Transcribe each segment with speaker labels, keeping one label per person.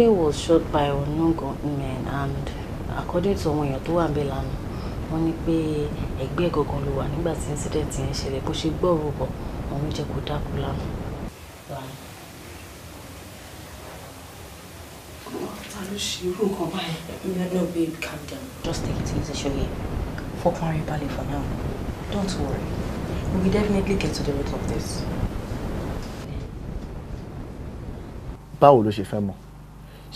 Speaker 1: Sunday was shot by unknown gunmen and according to one èèyàn tó wà níbẹ̀ lánàá wọ́n ní pé ẹgbẹ́ gangan ló wà nígbà tí incident yẹn ṣẹlẹ̀ bó ṣe gbọ́ ọ̀rọ̀ bọ̀ òun jẹ́ kó dákú lánàá. ta just take it easy For fọkànrin balẹ̀ for now don't worry we will definitely get to the root of this.
Speaker 2: báwo ló ṣe fẹ́ mọ̀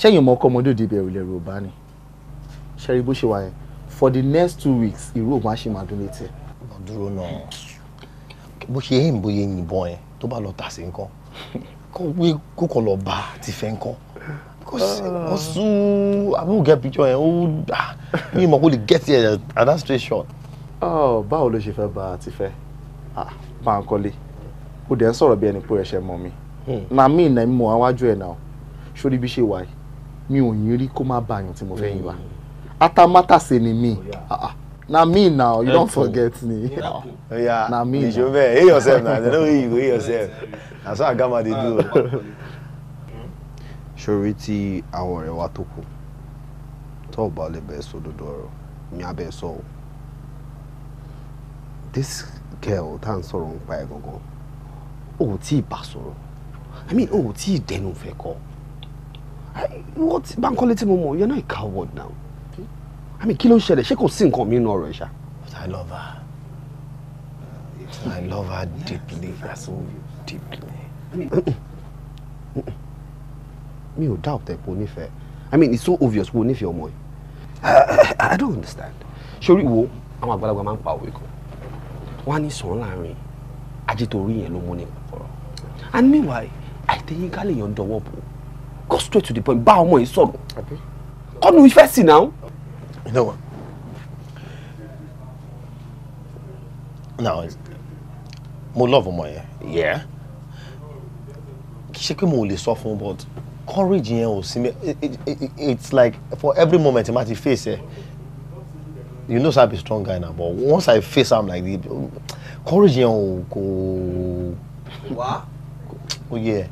Speaker 2: ṣẹ́yìn mọ́ ọkọ ọmọdé òde ìbẹ̀rù lẹ́rù ni ṣẹ́rí bó ṣe wà yẹn for the next two weeks ìró òun á ṣe máa dún létí ẹ̀. ọ̀dúró náà bó ṣe hẹ́yìn bóyá yìnbọn yẹn tó bá lọ tà sí nǹkan kó wé lọ bá ti fẹ́ nǹkan kò sú àbí ògẹ́ picture yẹn ó dà ní ìmọ̀ kó lè get there at that station. Oh, báwo ló ṣe fẹ́ bá a ti fẹ́ ah, máa ń kọ́lé ó dẹ̀ ń sọ̀rọ̀ bí ẹni pé ẹ̀ṣẹ̀ mọ̀ mi màmí hmm. ìnà mímọ́ àwájú ẹ̀ náà ṣó bí ṣe wà mi ò yín rí kó má bàyàn tí mo fẹ́ yín wa atamátàsé ni mi oh, ah, ah. na me now you don forget me ah. oh, na me now. ìṣó bẹ́ẹ̀ hear yourself na they no hear you go hear yourself na so agama dey do. ṣòro tí àwọn ọ̀rẹ́ wa tó kù tó o bá lè bẹ́ẹ̀ sọ òdodo ọ̀rọ̀ mi á bẹ́ẹ̀ sọ o this girl tá à ń sọ̀rọ̀ nípa ẹ̀ gangan o ò tí ì bá sọ̀rọ̀ i mean o ò tí ì dẹnu fẹ́ kọ́ what bank tí Momo? you're not a coward now I mean kí ló ń ṣẹlẹ̀ ṣé kò sí nǹkan mi nínú ọ̀rọ̀ ẹ̀ but I love her I love her deeply yeah. so deeply. mi ò doubt ẹ̀ pé o nífẹ̀ẹ́ I mean it's so obvious pé o nífẹ̀ẹ́ ọmọ yìí I don't understand ṣorí wo àwọn àgbàlagbà máa ń pa òwe kan wọ́n á ní sàn láàrin ajé tó rí yẹn ló mú ní ìpàkọ́rọ̀ and meanwhile àìtẹ́yìnká lè yan dọwọ́ bò ó go straight to the point bá ọmọ yìí sọ̀rọ̀ kọ́nu ìfẹ́ sì náà. you know what now mo love ọmọ yẹn yeah kì í ṣe pé mo ò lè sọ fún un but courage yẹn ò sí mi it's like for every moment ma ti face ẹ you know say i be strong guy na but once i face am like this courage yẹn ò kò. wá. kò yẹ. Yeah.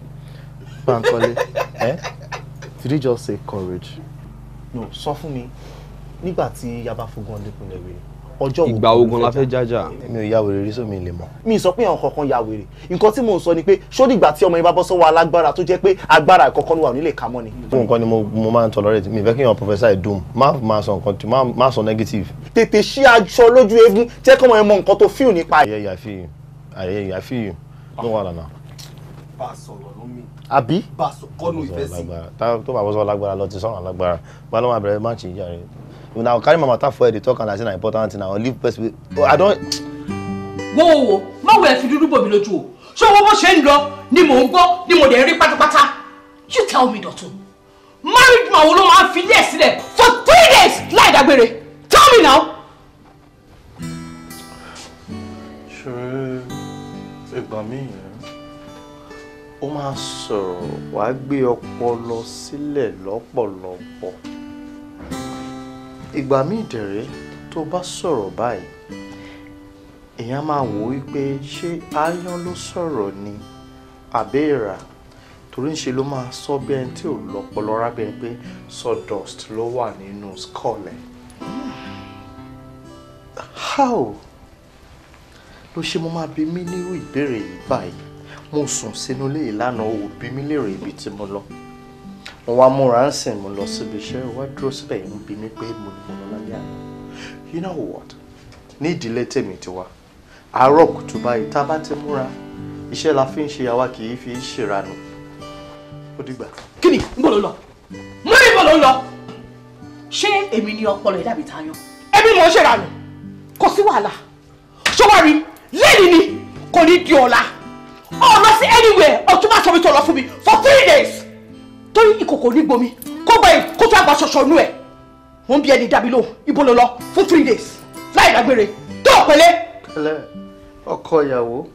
Speaker 2: Bankole, eh? Did you just say courage? No, sọ fún mi, nígbà tí yaba fogun ọdún lè wèrè, ọjọ́ wo. Ìgbà ogun la fẹ́ jájà. Mi ò ya wèrè rí sómi lè mọ̀. Mi sọ pé àwọn kankan ya wèrè. Nǹkan tí mò ń sọ ni pé ṣódì ìgbà tí ọmọ yẹn bá bọ́ sọ́wọ́ alágbára tó jẹ́ pé agbára ìkọ̀kan wà nílé ká ni. Fún nǹkan ni mo máa ń tolerate mi ìfẹ́ kí èèyàn professor ẹ̀ dùn má máa sọ nǹkan tí má sọ negative. Tètè ṣí aṣọ lójú eégún jẹ́ kọ́mọ yẹn mọ nǹkan tó fíù nípa ẹ̀. Ayẹyẹ àfihàn, ayẹyẹ àfihàn, ló wà lánàá àbí. Basokonu ìfẹ́ sí. tó bá Bọ́sọ́lá lágbára lọ ti sọ́run alágbára báwo máa bẹ̀rẹ̀ máa ṣèyí jàre. you na carry my matter for head dey talk am like say na important thing na leave person wey oh, i don. wo wo wo má wo ẹ dúdú bòmí lójú o ṣé owó bó ṣe ń lọ
Speaker 1: ni mò ń gbọ́ ni mo dẹ̀ rí pátápátá you tell me Dọ̀tun married man wo ló máa ń fi ilé ẹ̀ sílẹ̀ for three days láì dágbére tell me now.
Speaker 2: ṣe é ẹgbàá mi yẹn ó máa sọ̀rọ̀ wàá gbé ọpọlọ sílẹ̀ lọ́pọ̀lọpọ̀ ìgbà míì dẹ̀rẹ́ tó bá sọ̀rọ̀ báyìí èèyàn máa wò wípé ṣé aáyán ló sọ̀rọ̀ ni àbẹ́ẹ̀rà torí ń ṣe ló máa sọ bí ẹni tí ò lọ́pọlọ rábẹ́ pé sawdust ló wà nínú skull hmm. how ló ṣe mo máa bi mí nírú ìbéèrè yìí báyìí mo sùn sínú ilé ìlànà òbí mi lérè ibi tí mo lọ mo wá múra ń sìn mo lọ síbi iṣẹ́ wá dúró síbẹ̀ ń bi mí pé mo ní mo lọ lálẹ́ àná you know what ní ìdílé tèmi ti wá àárọ̀ kùtù báyìí tá a bá ti múra iṣẹ́ la fi ń ṣe àwa kì í fi ṣèrànù ó dìgbà. kí ni n bò lọ
Speaker 3: mo ní bò ló lọ
Speaker 1: ṣé èmi ni ọpọlọ ẹ dàbí tayọ ẹbí mo ń ṣèrànù kò sí wàhálà ṣọwọ́ rí lẹ́yìn ni kò ní di ọ̀la ọ not see anywhere Oh, má sọ mi tó lọ fún mi for three days torí ìkòkò ní gbomi kó gba ìkótó àgbà ṣọṣọ nú ẹ mo ń bí ẹni dábìí below. ibo ló lọ fún three days láì lágbére tó
Speaker 2: pẹ̀lẹ́. pẹ̀lẹ́ ọkọ ìyàwó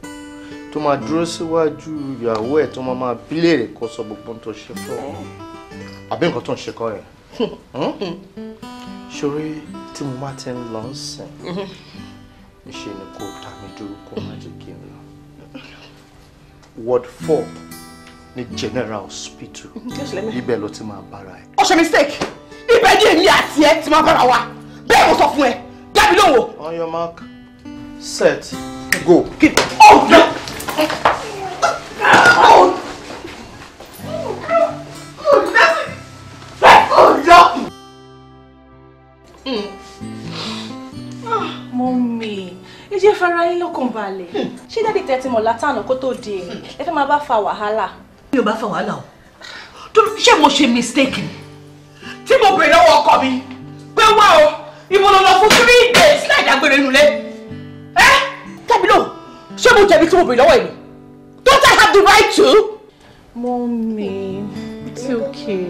Speaker 2: tó máa you síwájú ìyàwó ẹ tó máa máa bí léèrè to sọ gbogbo ohun tó ṣe fún ọ àbí nǹkan tó ń ṣe kọ ẹ ṣorí tí mo bá ti ń lọ sìn mm-hmm. ṣe ni kò dá mi dúró kó má jẹ kí n Word four ní general hospital ibẹ̀ ló ti máa bára ẹ̀.
Speaker 1: ó mistake
Speaker 2: ibẹ̀ ni èmi àti ẹ ti máa bára wa bẹ́ẹ̀ mo sọ fún ẹ dábì lówó. on your mark set go. oh no. Oh. Oh.
Speaker 3: Oh.
Speaker 1: Oh. Oh. ẹ fara yín lọ́kàn balẹ̀ ṣé dáàdì tẹ́tí mọ̀ látànà kó tó di èyí ẹ fẹ́ máa bá fa wàhálà. mi ò bá fa wàhálà o torí ṣé mo ṣe mistake ni tí mo bèrè lọ́wọ́ ọkọ mi pé wá o ìbò lọ́lọ́ fún three days láì dágbére nulẹ̀ ẹ́ tàbí lò ṣé mo jẹ̀bi tí mo bèrè lọ́wọ́ ẹ̀ ni don't I have the right to. Mommy, it's okay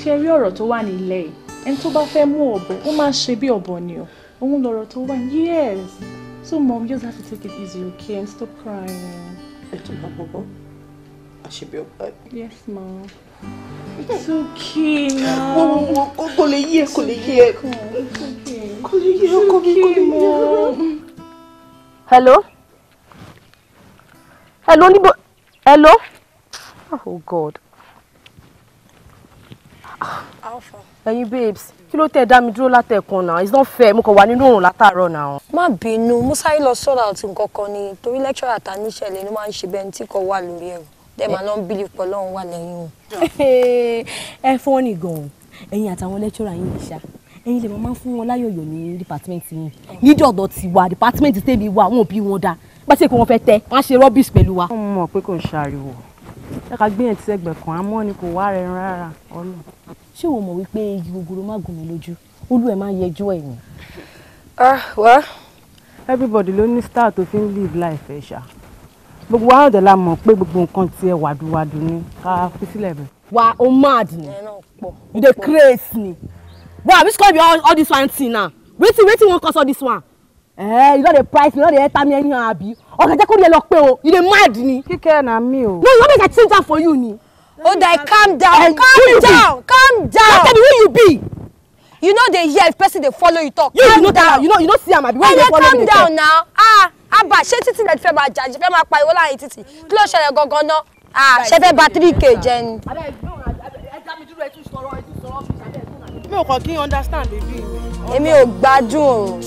Speaker 1: ṣe rí ọ̀rọ̀ tó wà nílẹ̀ yìí ẹni tó bá fẹ́ mú ọ̀bọ ó máa ń ṣe bí ọ̀bọ ni o òun lọ̀rọ̀ tó wà yes. So mom, you just have to take it easy, okay? And stop crying. I should be okay. Yes, mom. It's okay now. Whoa, whoa, whoa. Kò lè yé, kò lè yé. Kò lè yé, kò mom. Hello? Hello, níbo? Hello? Oh, God. Alpha ẹ̀yin babes kí ló tẹ́ ẹ dá mi dúró látẹ̀kùn náà it's not fair mo kàn wà nínú òrùn látàárọ̀ náà. má bínú mo sáré lọ sọ́dọ̀ àti nǹkan kan ni torí lẹ́kṣọ̀rà ta níṣẹ̀lẹ̀ ló máa ń ṣe bẹ́ẹ̀ tí kò wà lórí ẹ̀rù dẹ́ máa ń bílí pọ̀ lọ́hùn wà lẹ́yìn o. ẹ fún wọn ní gan-an ẹ̀yin àtàwọn lẹ́kṣọ̀rà yín ìṣá ẹ̀yin lè máa fún wọn láyọ̀yọ̀ ní dìpátímẹ́ǹtì yín nídìí ọ̀dọ̀ ẹ gbé yẹn ti sẹ́gbẹ̀ kan àmọ́ ni kò wá rẹ rárá ọlọ. ṣé o mọ̀ wípé igi gogoro má gùn mí lójú olú ẹ̀ máa yẹjọ́ ẹ̀ ni. ah well everybody ló ní star tó fi ń live life ẹ̀ ṣá gbogbo wa ọ̀dọ̀ la mọ̀ pé gbogbo nǹkan tiẹ̀ wàdùwàdù ni ká fi sílẹ̀ bẹ̀. wa o mad ni you dey craze ni wa i miss call you all, all this one thing now wetin wetin wan cause all this one Eh, you no dey price me, you no dey enter me anyhow abi. Ọ̀gá jẹ́ kó rí ẹ lọ pé o, you dey mad ni. Kíkẹ́ na mi o. No, you want me to change that for you ni. Oh, die, calm down, eh, calm down, calm down. Don't tell me who you be. You no dey hear if person dey follow you talk. calm down. You no, you no see am abi. Why you dey follow me dey talk? calm down now. Ah, Abba, ṣé títí lẹ́ẹ̀dí fẹ́ máa jà jẹ́ fẹ́ máa pa ìwọ́lá yìí títí? Kí ló ṣẹlẹ̀ gangan náà? Ah, ṣe fẹ́ ba three k jẹ ni. Mi ò kàn kí understand baby. Èmi ò gbádùn o.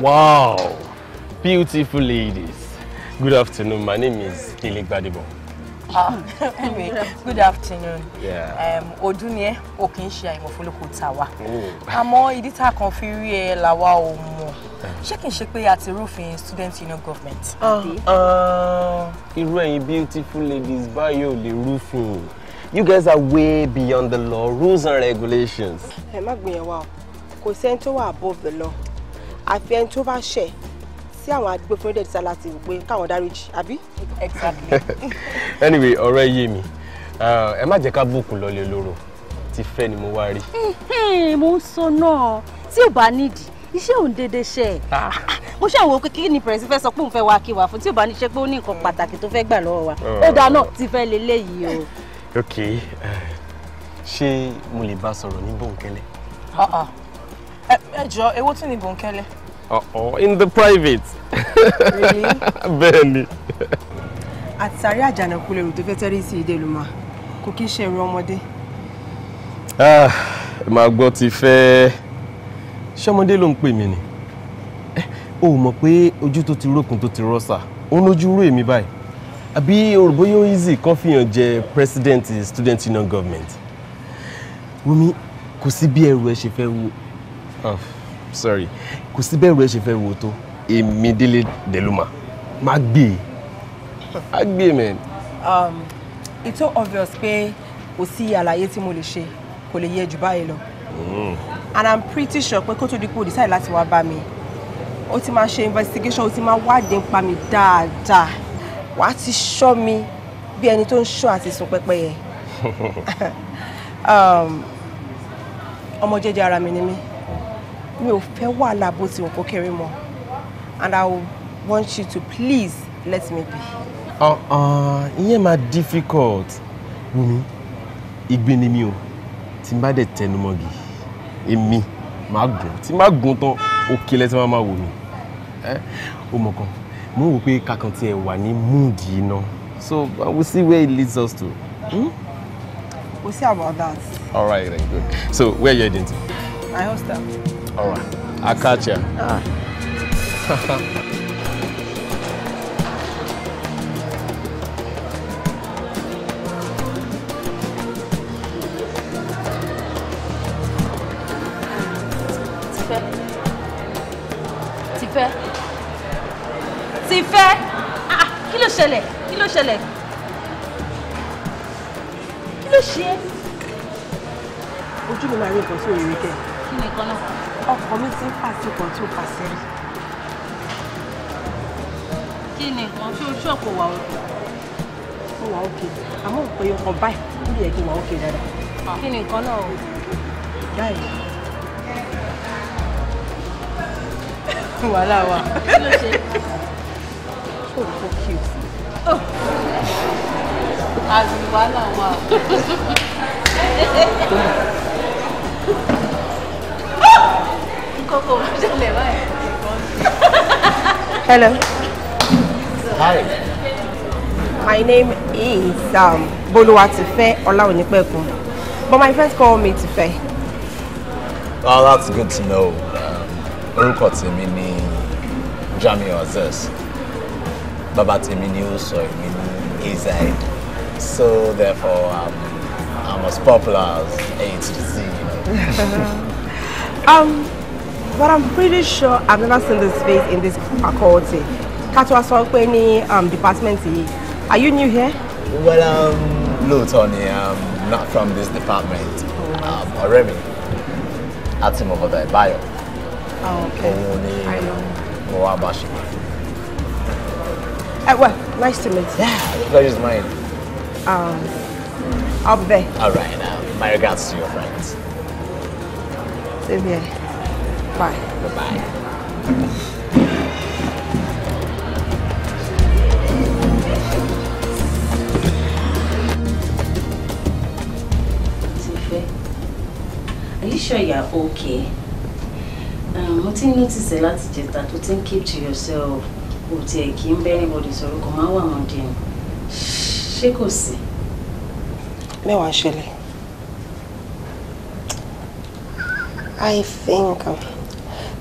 Speaker 2: Wow, beautiful ladies. Good afternoon. My name is Dele Gbadebo.
Speaker 1: Ah, anyway, good afternoon. Yeah. Um, ọdún ni I'm a kì í ṣe Oh. tà wá. Àmọ́ ìdí tá a kàn fi rí ẹ làwa ò mọ̀. Eh. Ṣé kìí ṣe pé a ti rúfin student union government? Ah,
Speaker 2: ah. Irú ẹ̀yin beautiful ladies By you, the roofing. You guys are way beyond the law, rules and regulations.
Speaker 1: Ẹ má wow. wa o, kò above the law àfi ẹni tó bá ṣẹ̀ sí àwọn agbófinró dẹ̀ títa láti wò pé káwọn dáríjì àbí.
Speaker 2: anyway ọ̀rọ̀ ẹ yé mi ah, ẹ má jẹ́ ká bùkún lọ́lẹ̀ lóró ti fẹ́ ni mo wá rí.
Speaker 1: mo ń sọ náà tí ò bá nídìí iṣẹ́ òun déédéé ṣe ẹ̀ ah. mo ṣe àwọn òkè kí ni pẹ̀rẹ́sì fẹ́ sọ pé òun fẹ́ wá kí wa fún tí ò bá ní ṣe pé ó ní nǹkan pàtàkì tó fẹ́ gbà lọ́wọ́ wa oh. ó dáa náà ti fẹ́ leléyìí o.
Speaker 2: ok eh, ṣé mo lè bá sọ̀rọ̀ ní bòńkẹ́lẹ́.
Speaker 1: Ah, ẹ jọ èwo tún ni bòńkẹ́lẹ́
Speaker 2: ọ̀ọ́ in the private. really?
Speaker 1: At Saria, àtàrí àjànàkú lèrò tó fẹ́ tẹ́rí sí ìdè lùmọ̀ kò kí ń ṣe ìran ọmọdé.
Speaker 2: Ah, ẹ máa gbọ́ ti fẹ́ ṣọmọdé ló ń pè mí ni eh, o mọ̀ pé ojú tó ti rókun tó ti rọ́ṣà easy kan fihàn jẹ president student union government wumi kò sí bí ẹrù ẹ ṣe fẹ́ wú ah, sorry kò sí bẹ́ẹ̀ rẹ̀ ṣe fẹ́ wo tó èmi délé délùmà má gbé e má gbé e mẹ́rin.
Speaker 1: Um, it's so obvious pé kò sí àlàyé tí mo lè ṣe kò lè yẹ jù báyìí lọ hmm. and i'm pretty sure pé kó tó di pé o decide láti wá bá mi o ti máa ṣe investigation o ti máa wádìí pa mi dáadáa wà á ti ṣọ́ mi bí ẹni tó ń ṣọ́ àti sùn pẹ́pẹ́yẹ um, ọmọ jẹ́jẹ́ ara mi ni mí mi ò fẹ́ wàhálà bó ti wù kó kéré mọ́ and I want you to please let me be.
Speaker 2: Uh-uh, ìyẹn máa difficult wumi igbe ni mi o tí n bá dẹ̀ tẹnumọ́gi èmi máa gùn tí n bá gùn tán òkè lẹ́sẹ̀ máa máa wò mí ó mọ̀ kan mo wò pé kankan tiẹ̀ wà ní múùdì yìí náà so uh, we will see where it leads us to. Hmm?
Speaker 1: We'll see about that.
Speaker 2: All right, then, good. So, where are you heading to? My hostel. All right. C'est
Speaker 3: fait.
Speaker 1: you. All C'est fait. Ah, qui le chalet Qui le chalet Qui le chien Où tu me l'as pour ce week-end Qui me connaît ọkọ mi ti ń pàṣẹ kan tí ó pàṣẹ rí. kí ni nǹkan tí o ṣọ́ọ̀kù wà òkè. ó wà òkè àmọ́ òpè ọkàn báyìí ó lè kí wà òkè dáadáa. Ah, kí ni nǹkan náà o. dáì. wàhálà wa. kí ló ṣe. ó kò kí
Speaker 3: o. àbí ah, wàhálà wa.
Speaker 2: kókó ló ṣẹlẹ̀ báyìí. Hello. Hi.
Speaker 1: My name is um, Boluwatife Olaonipekun, but my friends call me Tife.
Speaker 4: Oh, that's good to know. Um, orúkọ tèmi ni Jamiu Aziz. Bàbá tèmi ni ó sọ èmi ní So therefore, um, I'm as popular as A to Z, you
Speaker 1: know. um, But I'm pretty sure I've never seen this face in this faculty. Katwa Swankweni um, department yìí. Are you new here?
Speaker 4: Well, um, lóòótọ́ ni I'm um, not from this department. Oh, um, ọ̀rẹ́ mi, àti mo bio. Ìbáyọ̀. Òun ni mo wá bá ṣe.
Speaker 1: Eh, well, nice to meet you. Yeah,
Speaker 4: the pleasure is mine.
Speaker 1: Um, I'll be there.
Speaker 4: All right, um, my regards to your friends.
Speaker 1: Same here. Bye. Bye-bye. Are you sure you are okay? Um, mo ti ń notice ẹ láti jẹta tó ti ń keep to yourself o tiẹ̀ kì í bẹ́ anybody sọ̀rọ̀ kò máa wà wọ́n dín ṣé kò sí. Mẹ́wàá I think I'm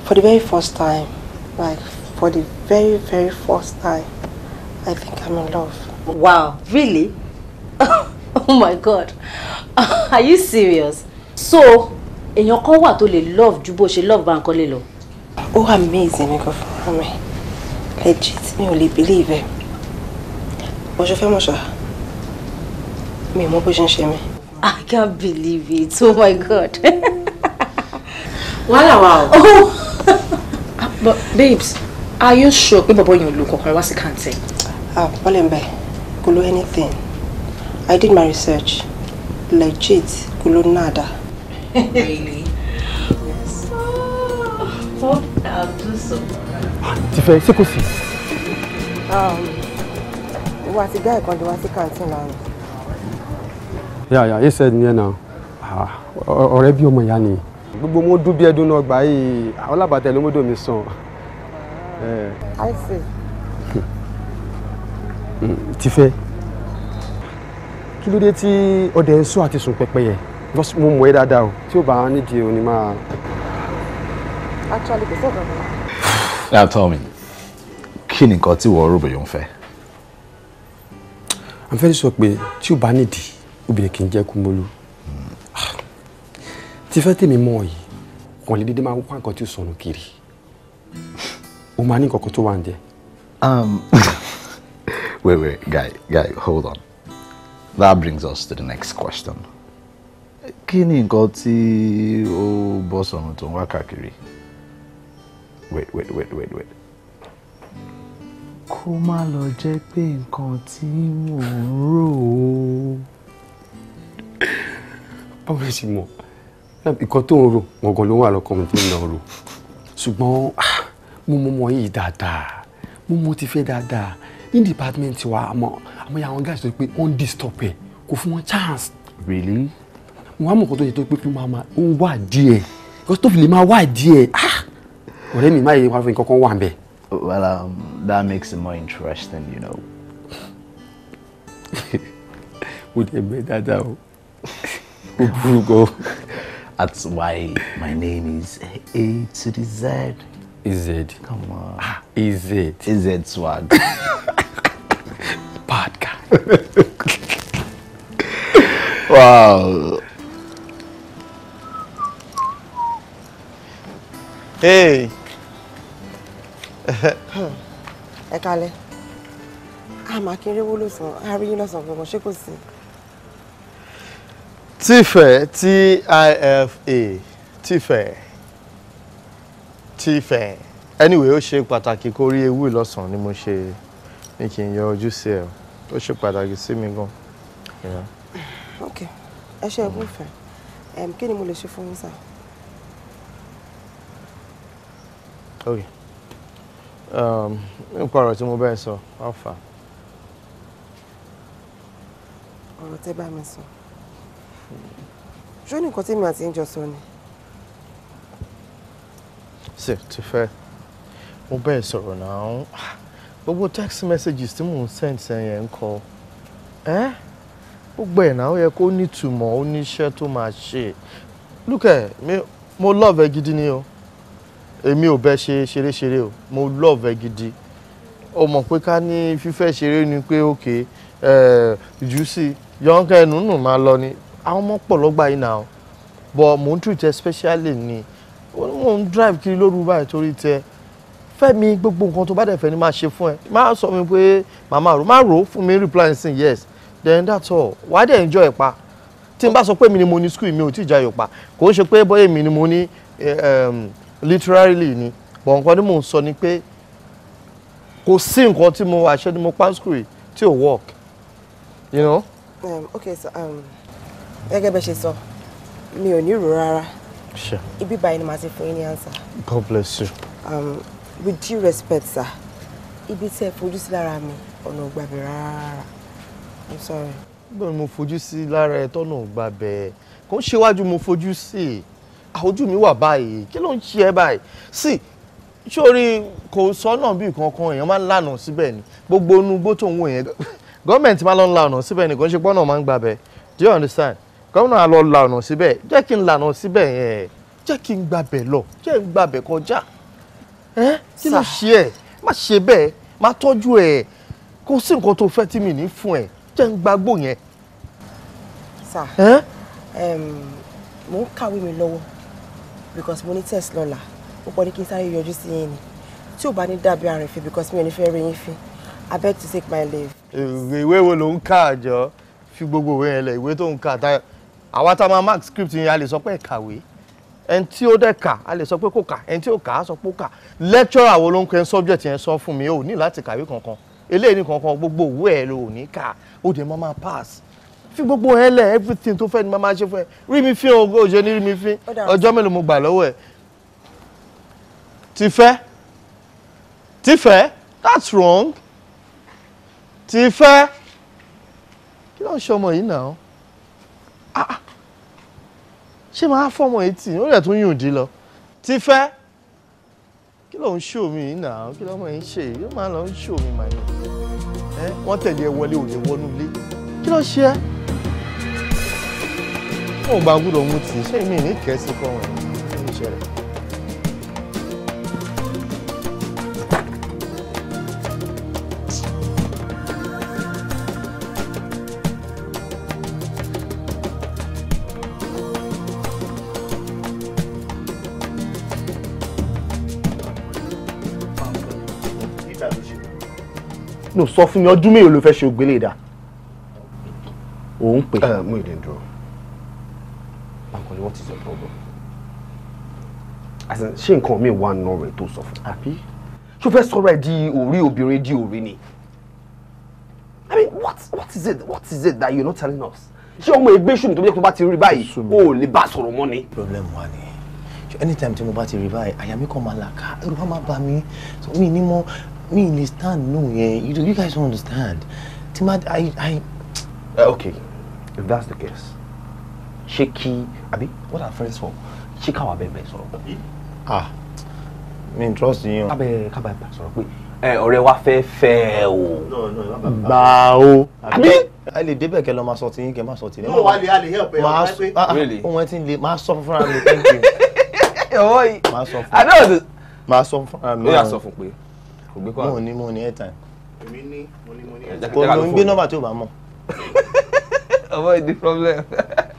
Speaker 1: for the very first time, like for the very, very first time, I think I'm in love. Wow, really? oh my God, are you serious? So, èèyàn kan wà tó lè love ju bó ṣe love Bankole lọ. ó wà méèzì mi kan fúnra legit me only believe it. mo ṣe fẹ́ Me ṣá mi ò mọ I can't believe it oh my God. Wow! Wow! o. Oh, but babes are you sure pé bọ̀bọ̀ yẹn ò lo kankan wá can't say. ah Bọ́lẹ̀mbẹ́ Gulu anything I did my research legit Gulu nada.
Speaker 3: really yes. oh, oh I'm just so.
Speaker 2: ti fẹ́ ṣé kò sí.
Speaker 1: ìwà àti gáà ìkànnì wá sí kàǹtì lánàá.
Speaker 2: yàyà yìí sẹ́ni yẹn náà ọ̀rẹ́ bí ọmọ ìyá nìyí gbogbo mo dún bí ẹdun náà gbà yìí àwọn ló mọdò mi sàn. Ah. Eh. i see. Hmm, Tífẹ́ kí ló dé tí ọdẹ ń sún àti sùn pẹ́pẹ́yẹ bọ́sì mo mọ̀ ẹ́ dáadáa o tí ó bá nídìí òní máa.
Speaker 1: actually kò sọ̀rọ̀ mi.
Speaker 4: now tell me kí ni nǹkan tí wọ́n rògbò yóò ń fẹ́.
Speaker 2: àǹfẹ́rí sọ pé tí ó bá nídìí obìnrin kì í jẹ́ kú tí fẹ́ tèmi mọ̀ yìí kàn lè dédé máa wá nǹkan tí ó sọnù kiri o máa ní nǹkan tó wà ń jẹ. Um,
Speaker 4: wait wait guy guy hold on that brings us to the next question kí ni nǹkan tí ó bọ́ sọnù tó ń wá káàkiri wait wait wait wait wait kó má lọ jẹ́ pé nǹkan tí mò ń rò ó. báwo ló
Speaker 2: ìkan tó ń ro gbọ̀ngàn ló wà lọ́kàn mi tó ń lọ ro ṣùgbọ́n ah, mo mọ ọmọ yìí dáadáa mo mọ ti fẹ́ dáadáa ní department wa àmọ́ àmọ́ àwọn guys tó pé wọ́n disturb ẹ̀ kò fún wọn chance. really. mo wá mọ̀ kó tó yẹ tó pé kí máa ma ó ń wá díẹ̀ kó tó fi lè máa wá díẹ̀ ah!
Speaker 4: ọ̀rẹ́ mi má yẹ wá fún nǹkan kan wà bẹ́ẹ̀. well um, that makes it more interesting you know. mo dẹ̀ bẹ́ẹ̀ dáadáa o ó burú gan-an. That's why my name is A to the Z. Is it? Come on. Ah, is it? Is it swag? Bad guy. wow.
Speaker 2: Hey.
Speaker 1: Ẹ kalẹ̀. A máa kí n rí wúlò sàn, a rí yín lọ́sàn
Speaker 2: Tifẹ̀ T-I-F-A Tifẹ̀ Tifẹ̀ anyway ó ṣe pàtàkì kó rí ewúrẹ́ lọ́sàn-án ni mo ṣe ní kí n yọ ojú sí ẹ ó ṣe pàtàkì sí mi gan.
Speaker 1: ok ẹ ṣe ẹ̀bùn ìfẹ́ kí ni mo lè ṣe fún yín sá.
Speaker 2: ok um, nípa ọ̀rọ̀ tí mo bẹ́ẹ̀ sọ wá fà.
Speaker 1: ọ̀rọ̀ tẹ́ bá mi sọ. So ṣó nìkan tí mi àti ń jọ sọ ni.
Speaker 4: ṣe
Speaker 2: ti fẹ́ mo bẹ́ẹ̀ sọ̀rọ̀ náà gbogbo text messages tí mò ń send sẹ́yìn ń kọ ẹ́ gbogbo ẹ̀ náà ó yẹ kó nítumọ̀ ó níṣẹ́ tó máa ṣe lúkẹ́ mi mo love ẹ gidi ni o èmi ò bẹ ṣe ṣeréṣeré o mo love ẹ gidi o mọ̀ pé ká ní fífẹ́ ṣeré ni pé òkè jù sí yọ̀ǹkẹ́ nùnù máa lọ ni àwọn ọmọ pọ̀ lọ́gbà yìí náà bọ̀ mò ń treat especially ni mò ń drive kiri lóru báyìí torí tẹ fẹ́mi gbogbo nǹkan tó bá dẹ̀ fẹ́ ni máa ṣe fún ẹ má sọ mi pé màmá rò má rò ó fún mi reply sin yes then that's all wàá dẹ̀ enjoy ẹ̀ pa tí n bá sọ pé mi ni mo ní school mi ò tí ì jayọ̀ pa kò ń ṣe pé bóyá mi ni mo ní ehm, literally ni bọ̀ nǹkan ni mò ń sọ ni pé kò sí nǹkan tí mo wà ṣe ni mo pa school yìí tí ò work you know.
Speaker 1: Um, okay so um, gẹ́gẹ́ bẹ́ ṣe sọ mi ò ní rò rárá ibi báyìí ni màá ti fún yín ní answer.
Speaker 2: God bless you. Um, with due respect sir
Speaker 1: ibi tí ẹ fojú sí lára mi ọ̀nà ò gbàbẹ̀
Speaker 2: rárá I'm sorry. bẹ́ẹ̀ mo fojú sí lára ẹ tọ́nà ò gbàbẹ̀ kò ń ṣèwájú mo fojú sí i àwùjọ mi wà báyìí kí ló ń ṣe ẹ báyìí sí sórí kò sọ́nà bíi kankan èèyàn máa ń lànà síbẹ̀ ni gbogbo onú gbótò ń wò yẹn gọ́ọ̀mẹ̀ntì máa ń lọ́nà síbẹ̀ ni kò ń ṣe pọ́nà máa ń gbàbẹ̀ do you understand? gómìnà á lọ lànà síbẹ̀ jẹ́ kí n lànà síbẹ̀ yẹn jẹ́ kí n gbàbẹ̀ lọ jẹ́ n gbàbẹ̀ kọjá ẹ́ kí ló ṣe ẹ̀ má ṣe bẹ́ẹ̀ má tọ́jú ẹ̀ kò sí nǹkan tó fẹ́ tí mi ní fún ẹ̀ jẹ́ n gbàgbó yẹn.
Speaker 1: sà mo ń kàwé mi lọ́wọ́ because mo ní test lọ́la ó pọ̀ ní kí n sáré yọjú sí yín ni tí ò bá ní dàbí àrìnfín because mi ò ní fẹ́ rí yín fín i beg to take my leave.
Speaker 2: ìwé wo ló ń kà àjọ fi gbogbo ìwé yẹn lẹ ìwé tó ń kà táyà àwa tá a máa mark script yẹn a lè sọ pé kàwé ẹni tí ó dẹ̀ kà a lè sọ pé kò kà ẹni tí ó kà á sọ pé ó kà lecturer wo ló ń kẹ́ subject yẹn sọ fún mi ò ní láti kàwé kankan eléyìí ní kankan gbogbo òwe ẹ̀ ló ní kà ó dẹ̀ máa máa pass fi gbogbo ẹ lẹ everything tó fẹ́ ni máa máa ṣe fún ẹ rí mi fín ogó òjò ní rí mi fín ọjọ́ mélòó mo gbà lọ́wọ́ ẹ ti fẹ́ ti fẹ́ that's wrong ti fẹ́ kí ló ń ṣe ọmọ yìí náà. Ah, ah. ṣé máa fọmọ etí ó rẹ̀ tún yùn dín lọ ti fẹ́ kí ló ń ṣò mí náà kí lọ́mọ yìí ń ṣe yóò máa lọ ń ṣò mí màá yàn ẹ wọ́n tẹ̀lé ẹ wọlé òní wọnú ilé kí ló ṣe ẹ́ wọn ò bá gbúdọ̀ mutí ṣé mi ní kẹ́sì kọ́ wọn ẹ̀ ń ṣẹlẹ̀. no sọ fún mi ọdún mélòó ló fẹ́ ṣe ògbélé ìdá òun pè. mo ì lè dúró. báńkò ni wọ́n ti sọ problem. àti ṣé nǹkan mi wà nù rẹ̀ tó sọ fún. àbí. ṣó fẹ́ sọ̀rọ̀ ẹ̀ di òrí obìnrin di òrí ni. I mean what what is it what is it that you're not telling us? ṣé ọmọ ẹgbẹ́ ṣùnì tó jẹ́ pé bá ti rí báyìí o ò lè bá sọ̀rọ̀ mọ́ ni. problem wa ni anytime tí mo bá ti rí báyìí àyà mi kàn máa là ká ẹrù wa máa bà mí mi ni mo mi lè stand no yeah. you, you guys don't understand tí i i.
Speaker 4: Uh, okay if that's the case Shaky,
Speaker 2: kí àbí what are friends for ṣé wa bebe bẹ́ẹ̀ ah mi trust yín o. kábẹ́ kábàá bá sọ̀rọ̀ pé ẹ wa fe fe o. No no. àbí. a lè débẹ̀ kẹ́ lọ máa sọ ti yín kẹ́ máa sọ ti yín. mo wà lè a lè help ẹ máa pé. Ah, ah, ohun ẹ ti ń le máa sọ fún fúnra mi thank you. ọwọ́ yìí máa sọ fún. máa sọ fún. Um, ó yà sọ fún pé kò gbé kọ́ mo ní mo ní airtime. èmi ní mo ní mo ní airtime. kò ló ń gbé nọ́mbà tí o bá mọ̀. avoid the problem.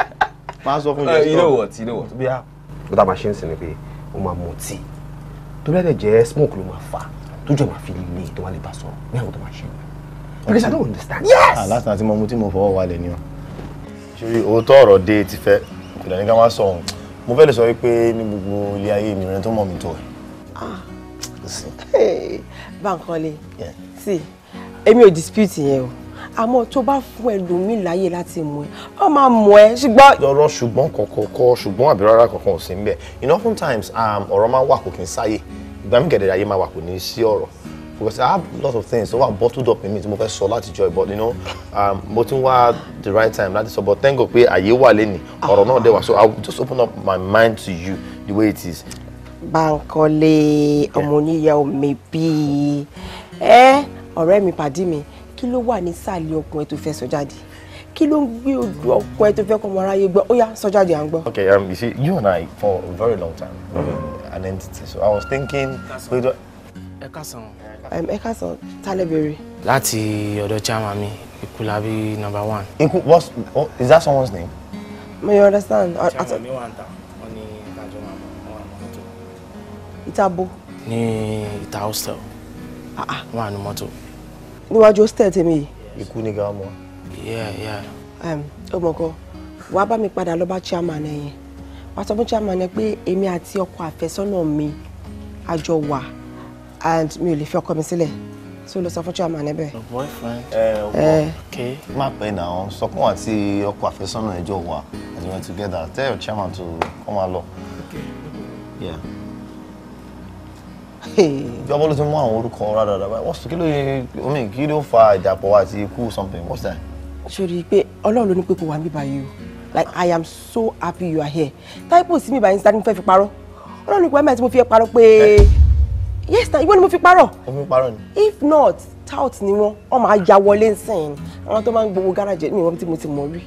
Speaker 2: máa sọ fún yẹn. Uh, you know what you know what bí a. machine ta ma ṣe ń sìn ni pé o máa mu tíì tó bẹ́ẹ̀ jẹ́ smoke ló máa fà tójú ẹ̀ máa fi lè tó wà lè bá sọ̀rọ̀ bí àwọn tó máa because I don't understand. yes. àlá sàn àti mọ̀mú tí mo fọwọ́ wálẹ̀ ni o. ṣé òótọ́ ọ̀rọ̀ dé ti fẹ́ kò dání ká má sọ òun mo fẹ́ lè sọ wípé ní gbogbo ilé ayé mi rẹ tó mọ̀ mi tó ẹ̀.
Speaker 1: Ah. Bánkọ́lé sí èmi ò dispute yẹn o àmọ́ tó bá fún ẹlòmíì láyè láti mú ẹ
Speaker 2: ọ máa mú ẹ ṣùgbọ́n. ọ̀rọ̀ ṣùgbọ́n kọ̀ọ̀kan kọ ṣùgbọ́n àbí rárá kankan ò sí ń bẹ̀ you know sometimes um, ọ̀rọ̀ máa wà kò kí n sáyè ìgbà mi gẹ̀dẹ̀ ayé máa wà kò ní í sí because I have lots of things so I bottled up in me to mo fẹ́ sọ láti joy but you know um, mo ti wá the right time láti sọ but thank God pé àyè wà lẹ́nìí ọ̀rọ̀ náà dẹ̀ wá so I just open up my mind to you the way it is
Speaker 1: Bánkọ́lé ọmọ omi bíi ẹ ọ̀rẹ́ mi pàdí mi kí ló wà ní sàlẹ̀ ọkùnrin tó fẹ́ sọ kí ló ń gbé ojú ọkùnrin tó fẹ́ kọ́ ọmọ aráyé gbọ́ ó yá à ń
Speaker 2: gbọ́. okay um, you see you and I for a very long time we were an entity so I was thinking.
Speaker 1: ẹ kásán. ẹ kásán tálẹ̀ bèrè.
Speaker 2: láti ọ̀dọ̀ chairman mi Ikulabi number one. Iku what is that someone's name.
Speaker 1: may you understand.
Speaker 2: chairman mi wà ń ta. ìtabo. ní ita hostel ah, ah. wọn àánú mọ́tò.
Speaker 1: níwájú hostel tèmi yìí.
Speaker 2: ikú ni gàá mọ.
Speaker 1: ọmọ kan wàá bá mi padà lọ bá chairman ẹ̀yìn wàá sọ fún chairman ẹ pé èmi àti ọkọ àfẹ́sọ́nà mi a wà and mi ò lè fi ọkọ mi sílẹ̀ so lo sọ fún chairman ẹ bẹ́ẹ̀.
Speaker 2: boyfriend ẹ eh. ok. má pẹ́ náà sọkún àti ọkọ àfẹ́sọ́nà ẹjọ́ wa as we were together tell your chairman to come along. okay. Yeah ìjọba ló ti mú àwọn orúkọ rárá rárá wọ́n kí ló yẹ omi kí ló fa ìdàpọ̀ àti ikú something what's that.
Speaker 1: sori pé ọlọ́run ló ní pé kò wá níbà yìí o like i am so happy you are here táìpù sí mi ìbàyẹn ní sáré fẹ́ fi parọ́ ọlọ́run ìgbà mẹ́ta tí mo fi parọ́ pé yes na ìwọ ni mo fi parọ́. o fi parọ́ ni. if not tout ni wọn wọn máa ya wọlé nsìn àwọn tó máa ń gbowó gáràjì ní ìwọ́n tí mo ti mọ̀ rí.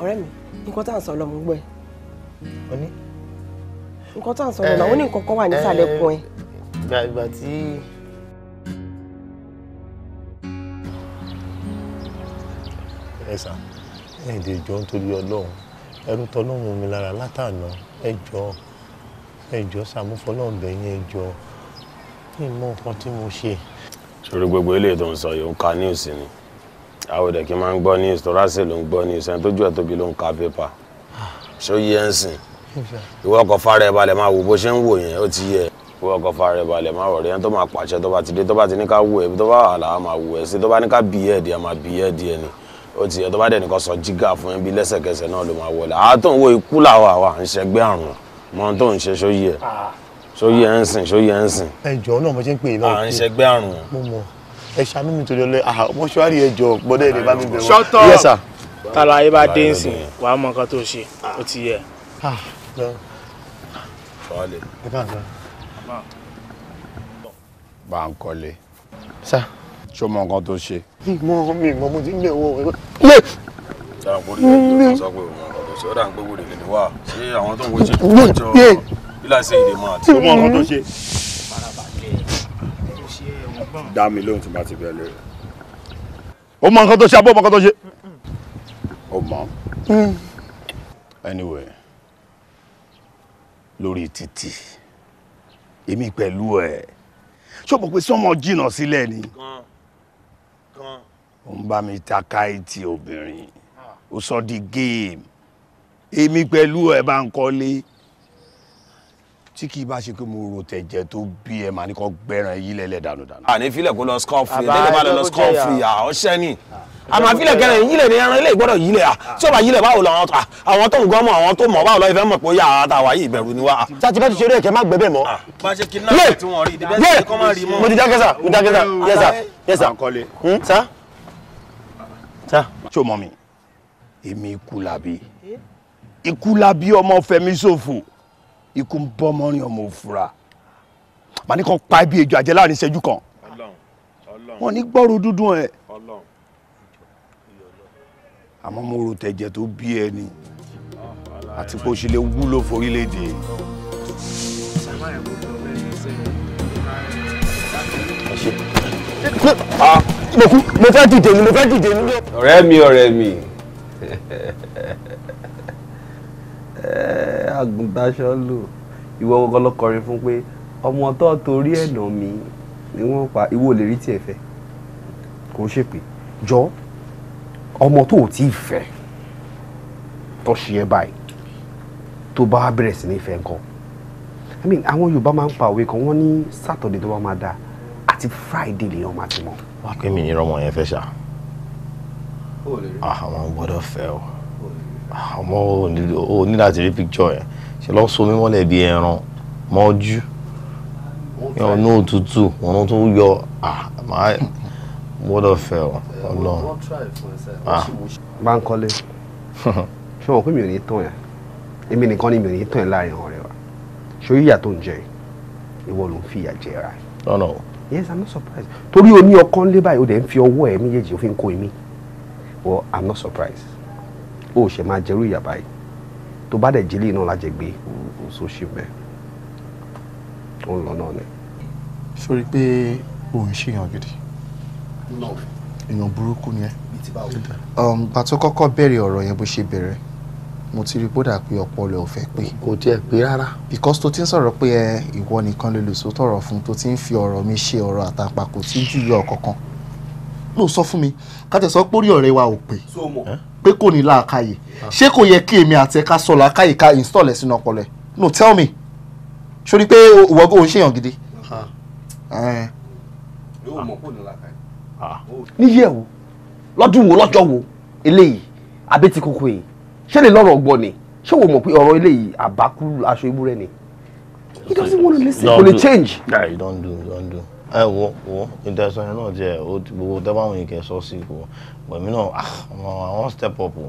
Speaker 1: ọ̀rẹ́ mi nǹkan tá à ń sọ ọlọ́mọ nǹkan tó à ń sọ̀rọ̀ náà ó ní nǹkan kan wà nísàlẹ̀ kun ẹ.
Speaker 2: gbàgbà tí. ẹ sà ẹ dè jọ nítorí Ọlọ́run ẹrú tọlọ́run mi lára látànà ẹ jọ ẹ jọ sàmúfọlọ́run bẹ̀yìn ẹ jọ kí n mọ nǹkan tí mo ṣe. sori gbogbo eléyìí tó ń sọ yìí ó ka news ni àwòdẹ kí n máa ń gbọ́ news tó rásì ló ń gbọ́ news ẹni tó ẹ tóbi ló ń ka pépà ah. ṣó yẹ ẹ ìwọ ọkọ̀ fara ẹ̀ balẹ̀ máa wò bó ṣe ń wò yẹn ó ti yẹ ìwọ ọkọ̀ fara ẹ̀ balẹ̀ máa wọ̀rẹ́ yẹn tó máa pàṣẹ tó bá ti dé tó bá ti ní ká wò ẹ̀ tó bá wà láwa máa wò ẹ̀ sí tó bá ní ká bì í ẹ̀ máa bì í ẹ̀ ni ó ti yẹ tó bá dẹ̀ nìkan sọ jígà fún yẹn bí lẹ́sẹ̀kẹsẹ̀ náà ló máa wọlé àá wo ikú làwọn àwa à ń ṣẹgbẹ́ àrùn mọ tó ń ṣe sóyè ẹ̀ ah. sóyè ẹ̀ ń sìn sóyè ẹ̀ ń sìn. ẹ jọ náà mo ṣe ń pè é náà. à ń ṣẹgbẹ́ àrùn. mo mọ ẹ ṣàánú mi torí ọlẹ ah, mọṣúárì ẹ jọ gbọ́dọ̀ ẹ lè bá mi bẹ̀rù. ṣọtọ tala ayé bá dé ń wàá mọ nǹkan tó ṣe ó ti yẹ. Ah. Sir. Bankole. Ẹ kàn sá. Bankole. Sá. Ṣé o mọ nǹkan tó ṣe? Mo mi mọ mo ti ń lé owó rẹ. Lé. Sáà kò rí ẹni tó sọ pé òun ọ̀rọ̀ tó ṣe ó dà ń pé wòlé lè wà. Ṣé àwọn tó ń wọ́n ṣe kò jọ ilá ṣe ìdè mọ́ àti. Ṣé o mọ nǹkan tó ṣe? Dá mi lóhùn tí màá ti bẹ̀rẹ̀ lórí. O mọ nǹkan tó ṣe abó mọ nǹkan tó mm. Anyway lórí títì èmi pẹ̀lú ẹ̀ ṣó mọ̀ pé sọ́mọ jìnnà sílẹ̀ ni ó ń bá mi ta káìtì obìnrin ó sọ di géèmù èmi pẹ̀lú ẹ̀ bá ń kọ́lé tí kì í bá ṣe pé mo rò tẹ̀jẹ̀ tó bí ẹ màá ní kọ́ gbẹ́ran yí lẹ́lẹ̀ dànù dànù. àní filẹ̀ kó lọ scot free lẹ́lẹ̀ bá lọ lọ scot free à ọṣẹ́ ni àmọ́ àfilẹ̀ kẹrẹ̀ yílẹ̀ ni ẹran ilé ìgbọ́dọ̀ yílẹ̀ à tí ó bá yílẹ̀ báwo làwọn àwọn tó ń gbọ́ mọ̀ àwọn tó mọ̀ báwo lọ́ọ́ ìfẹ́ mọ̀ pé ó yà á tàwa yìí ìbẹ̀rù ni wá. sátì bá ti ṣeré ẹ̀kẹ́ má gbẹ́bẹ̀ mọ́. yé mo ti dákẹ́ sà mo dákẹ́ sà yẹ sà yẹ sà hmm? sà sà. ṣé o mọ̀ mi èmi ikú làbí ikú làbí ọmọ Fẹ́mi ṣòfò ikú ń bọ́ mọ́rin ọmọ òfura màá ní kàn pa ẹbí ejò àjẹ́ láàrin ìṣẹ́jú kan wọn ní gbọ́rọ̀ dúdú ẹ̀ àmọ́ mo rò tẹ̀jẹ̀ tó bí ẹ ni àti pé ó ṣe lè wúlò forílẹ̀-èdè.
Speaker 3: Ah, mo fẹ́ dìde ni mo fẹ́ dìde ni.
Speaker 2: ọ̀rẹ́ mi ọ̀rẹ́ mi. àgùntàṣọ eh, lò ìwọ gbọgbọ lọkọrin fún pé ọmọ tó torí ẹ̀nà mi ni wọ́n pa ìwọ lè rí tiẹ̀ fẹ́ kò ń ṣèpè jọ ọmọ tó ò tí ì fẹ́ tó ṣe ẹ báyìí tó bá bẹ̀rẹ̀ sí ní fẹ́ gan i mean àwọn yorùbá máa ń pa òwe kan wọ́n ní sátọ̀dẹ̀ tó bá máa dáa àti friday lèèyàn máa ti mọ̀. wàá pè mí ní rọmọ yẹn fẹ́ ṣá ah, àwọn gbọ́dọ̀ fẹ́ o ọmọ o ní láti rí píkítsọ̀ yẹn ṣe lọ́ so mí mọ́lẹ̀ bíi ẹran mọ́jú ọ̀nà òtútù ọ̀nà tó yọ máa gbọ́dọ̀ fẹ́ ọ ọlọ́run. Bánkọ́lé ṣé wọn pé mi ò ní tán yẹn èmi nìkan ni mi ò ní tán yẹn láàrin ọ̀rẹ́ wa ṣé yíyà tó ń jẹ ìwọ ló ń fìyà jẹ ra. lọ́nà o. yes i'm not surprised torí o ní ọkàn lé báyìí o dẹ̀ ń fi ọwọ́ ẹ̀ méjèèjì o fi ń well i'm not surprised o ṣe máa jẹrú ìyàbá yìí tó bá dẹ̀ jílé náà lájẹ gbé o so ṣì bẹ́ẹ̀ ó ń lọ náà ni. sori pé o ń ṣèyàn gidi èèyàn burúkú ni ẹ um, bàtó kọ́kọ́ bẹ̀rẹ̀ ọ̀rọ̀ yẹn bó ṣe bẹ̀rẹ̀ mo ti rí bódà pé ọpọlọ ò pé. kò tiẹ̀ pé rárá. because tó ti ń sọ̀rọ̀ pé ẹ ìwọ nìkan lè lò sótọ̀rọ̀ fún tó ti ń fi ọ̀rọ̀ mi ṣe ọ̀rọ̀ àtàpà kò tí ń jù lọ kankan ló sọ fún mi ká sọ pé orí ọ̀rẹ́ wa ò pé. so mo pé kò ní làákàyè ah. ṣé kò yẹ kí èmi àti ẹ̀ka sọ làákàyè ká install ẹ̀ sínú ọpọlọ ẹ̀ no tell me sori pé ìwọ́gò ò ń ṣèyàn gidi. níyẹ̀ wo lọ́dún wo lọ́jọ́ wo eléyìí àbí kókó yìí ṣé lè lọ́rọ̀ ọgbọ́n ni ṣé wo mọ̀ pé ọ̀rọ̀ eléyìí àbákú aṣọ ewúrẹ́ ni he doesn't want to listen kò lè change. Yeah, don't do, don't do ẹ wo wo ìtẹ̀sán yẹn náà jẹ́ gbogbo tẹ́báwọn yìí kẹ́ sọ sí kò pẹ̀mí náà àwọn ah, step up o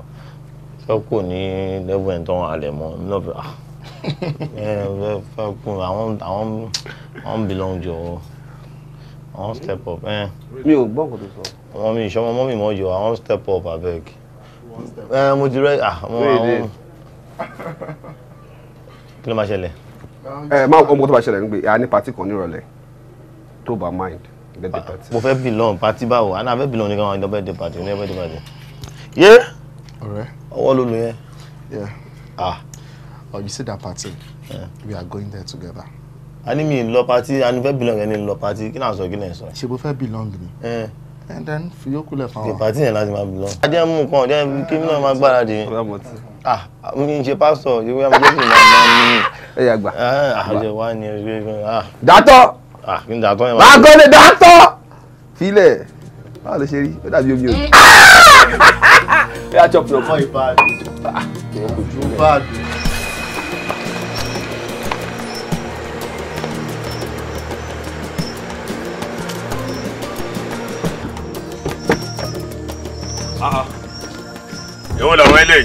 Speaker 2: fẹ́ kò ní level ẹ̀ tán alẹ̀ mọ́ èmi náà fẹ́ ah. ẹ fẹ́ kò àwọn àwọn àwọn belong jọ àwọn step up ẹ. Eh. mi ò gbọ́ kò tó sọ. ọmọ mi ìṣọmọ ọmọ mi mọ jọ àwọn step up abeg ẹ mo ti rẹ àwọn àwọn kí ló máa ṣẹlẹ̀. ẹ máa ọmọ tó máa ṣẹlẹ̀ ń gbé a ní pàtí kan nírọ̀lẹ́. October mind birthday party. mo fẹ́ belong party báwo àná abẹ́ belong ní káwọn ọjọ́ birthday party ní birthday party. yé ọwọ́ ló lo ah oh you see that party yeah. we are going there together. a ní mi lọ party a ní fẹ́ belong ẹni lọ party kí náà sọ kí náà sọ. ṣe mo fẹ́ belong ni. and then fi yókù lẹ̀ fáwọn. ìpàtí yẹn láti máa lọ. ajẹ́ mú nǹkan ọ̀jẹ́ kí náà máa gbára dì. ah mi ń ṣe pásítọ̀ yìí wíwá máa ní. Ah, máa kọ́ ni dàtọ́ filẹ̀ báwo ló ṣe rí ó dàbí omi ah ah a chop your phone. ìbàdàn ìbàdàn. Ah! èwo lọ̀rọ̀ eléyìí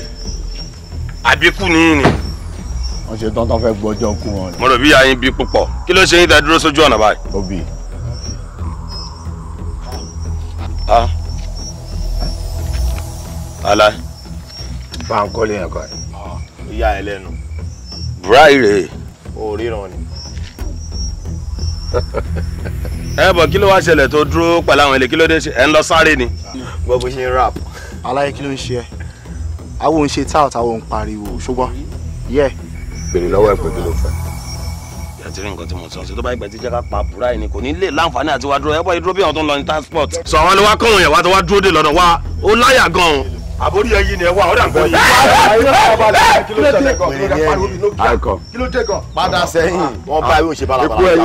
Speaker 2: ni wọ́n ṣe tán tán fẹ́ gbọ́jọ́ kú wọn. mo rò bí ìyá bí púpọ̀ kí ló ṣe yín tẹ́ dúró sójú ọ̀nà báyìí. ó bì í. ala. Báńkọ́lé yẹn kan. ìyá ẹ lẹ́nu. bùráì rèé. o ríran ni. ẹ bọ̀ kí ló wá ṣẹlẹ̀ tó dúró pẹ̀lú àwọn ilé kí ló dé ṣe ẹ̀ ń lọ sáré ni. gbọ́ bó ṣe ń rap. aláyé kí ló ń ṣe ẹ àwọn ò ń ṣe tout àwọn ò ń pariwo ṣùgbọ́n yẹ. Yeah béèrè lọ́wọ́ ẹ̀ kí ló fẹ́. yàtí rí nǹkan tí mo sọ ṣe tó bá ìgbà tí jẹ́ ká pa àbúrà yìí ni kò ní lè láǹfààní àti wá dúró ẹ̀ bọ́ ìdúró bí àwọn tó ń lọ ní transport. sọ àwọn ni wàá kọ́ òun yẹn wá tó wá dúró dè lọ́dọ̀ wa ó láyà gan-an. àbórí ẹyin ni ẹ wá ọ̀dà nǹkan yìí. kí ló dé gan. padà sẹ́yìn ah, wọ́n bá yóò ṣe balabala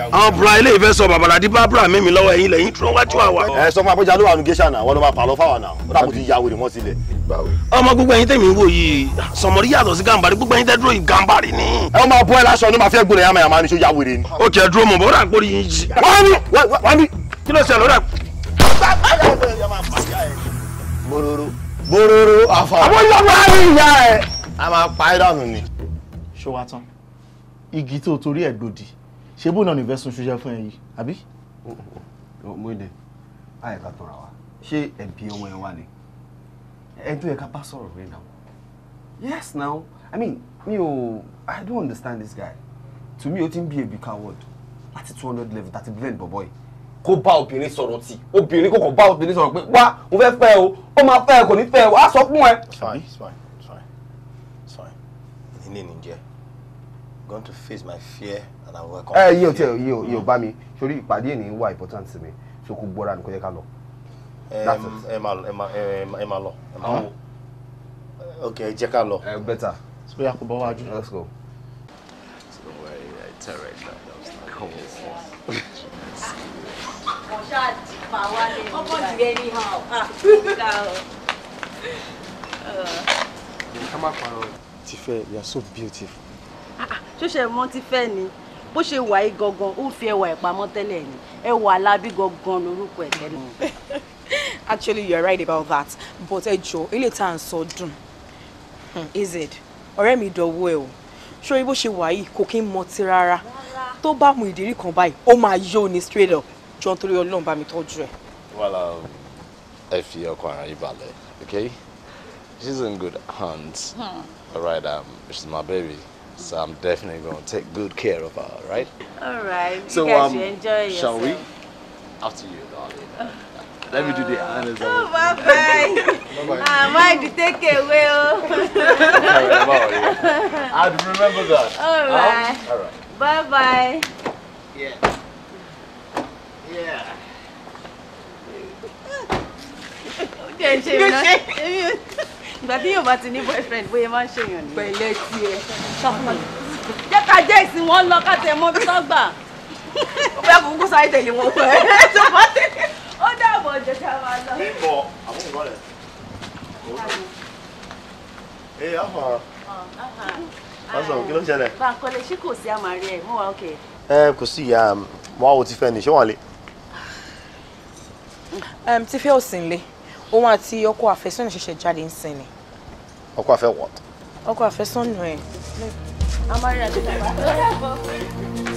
Speaker 2: àwọn bùrọ̀ ilé ìfẹ́ sọ bàbàrà di bábùrà mímì lọ́wọ́ ẹ̀yìn lẹ́yìn tí wọ́n wá tí wà wá. ẹ sọ fún abọ́jà ló wà nù géṣà náà wọn ló máa pàlọ́ fáwọn náà ó dàbò ti ya wèrè mọ́ sílẹ̀. ọmọ gbogbo ẹ̀yin tẹ̀mí wò yìí sọmọrí yàtọ̀ sí gàǹbarì gbogbo ẹ̀yin tẹ̀ dúró yìí gàǹbarì ni. ẹ máa bọ́ ẹ lásán ló máa fẹ́ gbọ́dọ̀ yàmà yàmà ni ṣó ya wèrè ni. ó tiẹ̀ dúró mọ̀ bọ́ rà gbórí yín jì. wọ́n mi wọ́n mi kí ló ṣe lọ́dà. bororo bororo afa. àwọn yọ̀wọ̀ á rí ìyá ẹ̀. a máa pa ẹ̀ dànù ni. ṣó wa tán igi tó torí ẹ̀ gbòdì ṣé bó náà nìfẹ́ sun ṣoṣẹ́ fún ẹ yìí àbí. mo èdè báyìí ká tọrọ wa ṣé ẹbí ọmọ ẹ wà ni ẹ tó yẹ ká bá sọ̀rọ̀ rẹ náà yes now i mean mi ò i don't understand this guy to me ó ti ń bí ebi coward láti two hundred level thirty blend bọ̀bọ̀ yìí kó bá obìnrin sọ̀rọ̀ tì obìnrin kò kò bá obìnrin sọ̀rọ̀ pé wá mo fẹ́ fẹ́ o ó máa fẹ́ kò ní fẹ́ o á sọ fún ẹ. sorry sorry sorry sorry ilé nìjẹ i'm going to face my fear ẹ yí o tí yí o yí o bá mi sórí ìpàdé ènìyàn wà important sí mi so kò gbọ́ra ni kò yẹ ká lọ. ẹ máa lọ ẹ máa lọ ẹ máa wò ok ẹ jẹ́ ká lọ. ẹ bẹ́tà. sọ yà kó bọ́ let's go.
Speaker 1: ọ̀ṣà ti pa wálé ọkọ̀ ah
Speaker 2: ká you are so beautiful.
Speaker 1: ṣó ṣe mọ́ Tifẹ́ ni bó ṣe wà yìí gangan ó fi ẹwà ẹ̀ pamọ́ tẹ́lẹ̀ ni ẹwà alábí gangan lórúkọ ẹ̀ tẹ́lẹ̀. actually you are right about that but ẹ jọ ilé tá à ń sọ dùn hmm, is it ọ̀rẹ́ mi dọ̀wọ́ ẹ o ṣórí bó ṣe wà yìí kò kí ń mọtí rárá tó bá mu ìdérí kan báyìí ó máa yó ni straight up jọ nítorí ọlọ́run bá mi tọ́jú ẹ.
Speaker 4: wàhálà ẹ fi ọkọ ara yìí balẹ̀ okay she's in good hands hmm. all right um, she's my baby. So I'm definitely going to take good care of her, right? All right. So you um, enjoy shall we? After you, darling. Let me do the honors. Oh, bye bye. bye
Speaker 3: bye. be did you
Speaker 4: take I'd remember that. All right. Um, all right.
Speaker 3: Bye bye. Yeah. Yeah. Okay, Jim.
Speaker 1: ìgbà tí yóò bá ti ní boyfriend bóyá máa ń ṣèyàn ní. pẹ̀lẹ́ tiẹ̀. jẹ́ ká jẹ́ ìsìn wọn lọ ká tẹ mọ́ bí tó gbà. ó bẹ́ẹ̀ kúkú sáré tẹ̀lé wọn pẹ̀. ó
Speaker 3: dàbọ̀ jẹ́ ká máa lọ. ẹ bọ àwọn ìwọ rẹ.
Speaker 2: ẹ yà fà
Speaker 1: á. pásítọ̀ kí ló ń ṣẹlẹ̀. Bankole ṣé kò sí àmàrí ẹ̀ mú wa ókè.
Speaker 2: ẹ kò sí ìyá um, mo wá wo ti fẹ́ ni ṣé wà lé.
Speaker 1: Um, ti fẹ́ òsì ń lé òun àti ọkọ àfẹ́sọ́nà ṣẹ̀ṣẹ̀ jáde ń sin ni. ọkọ àfẹ́ what. ọkọ àfẹ́sọ́nà ẹ̀. a máa rí àjọyọ̀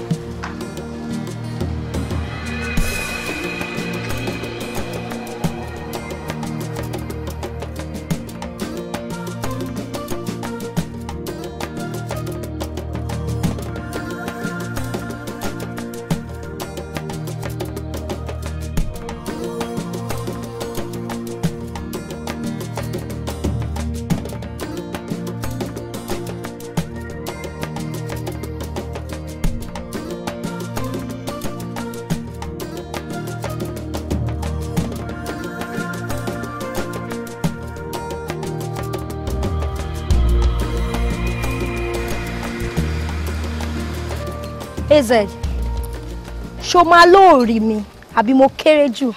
Speaker 1: az ṣo máa lóòrì mi àbí mo kéré jù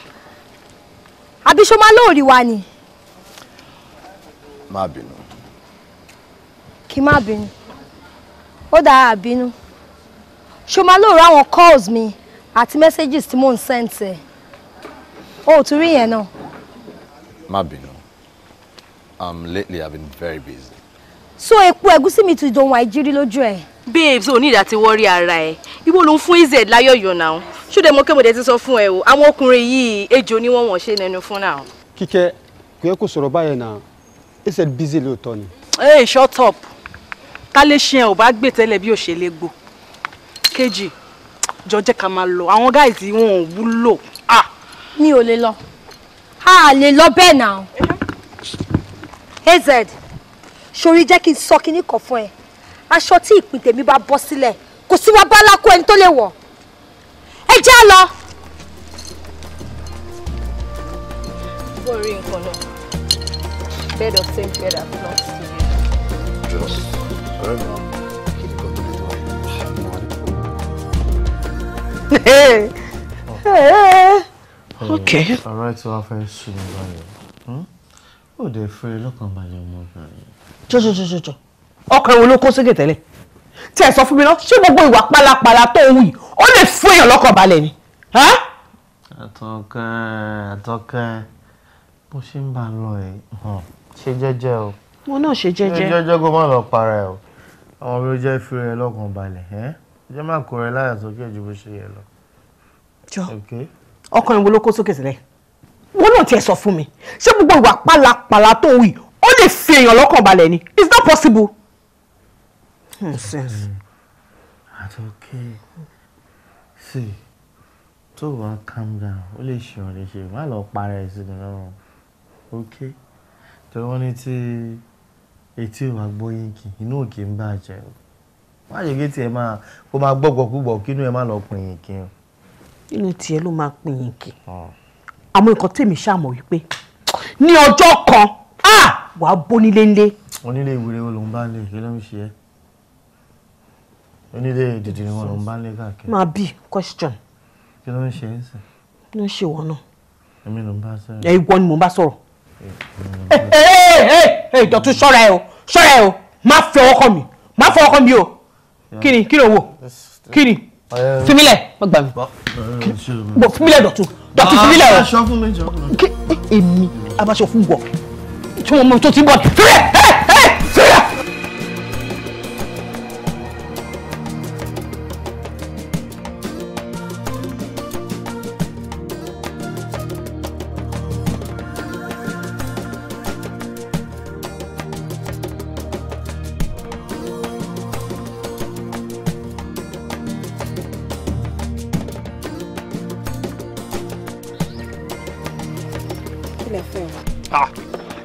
Speaker 1: àbí ṣo máa lóòrì wa ni. má bínú. kí má bínú ó dára àbínú ṣo máa lóòrì àwọn calls mi àti messages tí mò ń send ẹ o ò tún rí yẹn náà.
Speaker 4: má bínú um, lately I've been very busy
Speaker 1: so epo ẹ̀gúsí mi ti dohun àìjírí lójú ẹ̀. babes o ati worry tí wọ́n rí ara ẹ̀ ìwọ ló ń fún az láyọ̀yọ̀ náà ṣódẹ mo kémọ̀dé ti sọ fún ẹ o àwọn ọkùnrin yìí ejò ni wọ́n wọ̀n ṣe nẹnu fún náà.
Speaker 2: kíkẹ́ kò yẹ kó sọ̀rọ̀ báyẹn náà az busy lóòótọ́ ni.
Speaker 1: ee shut up ká lè ṣe ẹ ò bá gbè tẹ́lẹ̀ bí òṣèlè gbò kejì jọ jẹ́ ká máa lọ àwọn guys wọn ò wúlò. Ah! mi ò lè lọ a lè lọ bẹ́ẹ̀ náà az sori jẹ́ kí n sọ kinní kan fún ẹ aṣọ tí ìpín tèmi bá bọ́ sílẹ̀ kò sí wá bá lákó ẹni tó lè wọ̀ ẹ jẹ́ á lọ. borí nǹkan náà bed of same bed as not to you.
Speaker 3: just run hmm? oh, on kí ni kò okay.
Speaker 4: ọ̀rọ̀ ẹ̀ tí wàá fẹ́ sùn ní báyìí ó dé fún ẹ
Speaker 1: jọjọjọjọjọ ọkọ ẹ̀wọ̀n ló kó ségè tẹ́lẹ̀ tí ẹ sọ fún mi náà ṣé gbogbo ìwà pálapàla tó ń wù yìí ó lè fún èèyàn lọ́kàn balẹ̀ ni.
Speaker 2: àtọkàn àtọkàn bó ṣe ń bá a lọ ẹ ṣe jẹ́jẹ́ o.
Speaker 1: mo náà ṣe jẹ́jẹ́. ṣe
Speaker 2: jẹ́jẹ́ kó má lọ para ẹ o àwọn ọmọ jẹ́ fi rẹ lọ́kàn balẹ̀ ẹ jẹ́ má kó rẹ láyà sókè ju bó ṣe yẹ lọ. jọ
Speaker 1: ọkọ ìwọ ló kó sókè sílẹ̀ wọn náà tiẹ̀ sọ fún mi ṣé gbogbo ìwà pálapàla tó ń wù ó lè fi èèyàn lọ́kàn balẹ̀ ni it's not possible.
Speaker 3: nonsense. Hmm, àtọ́kẹ́
Speaker 2: sí tó wàá calm down ó lè ṣe ọ̀rẹ́ ṣe má lọ para ẹ̀ sí lọ́rùn ok tó wọ́n ní tí etí ò wá gbọ́ yínkì inú òkè ń bàjẹ́ o má yẹ kí tiẹ̀ máa kó máa gbọ́gbọ́ púpọ̀ kí inú ẹ̀ má lọ pin yìnkì o. inú tiẹ̀ ló máa pin yìnkì hmm. àmọ́ nǹkan tèmi
Speaker 1: ṣàmọ̀ wípé ní ọjọ́ kan ah wàá bó nílé ńlé.
Speaker 2: onílé ìwúre wo ló ń bá lè ṣe ló ń ṣe ẹ onílé dìdì ni wọn ló ń bá lè káàkiri. máa
Speaker 1: bí question.
Speaker 2: kí ló ń ṣe é sìn.
Speaker 1: ló ń ṣe wọn náà.
Speaker 2: èmi ló ń bá sọ̀rọ̀. ẹ ìwọ
Speaker 1: ni mò ń bá sọ̀rọ̀. ẹ ẹ ẹ ṣọ́ra ẹ o ṣọ́ra ẹ o má fẹ́ ọkọ mi má fẹ́ ọkọ mi o kí ni kí ni owó kí ni oh, fimilẹ má gbà mí fimilẹ dọ̀tún dọ̀tún fimilẹ
Speaker 2: o ah,
Speaker 1: èmi a fún wọ. 총을 멈춰 뒤보아 그래!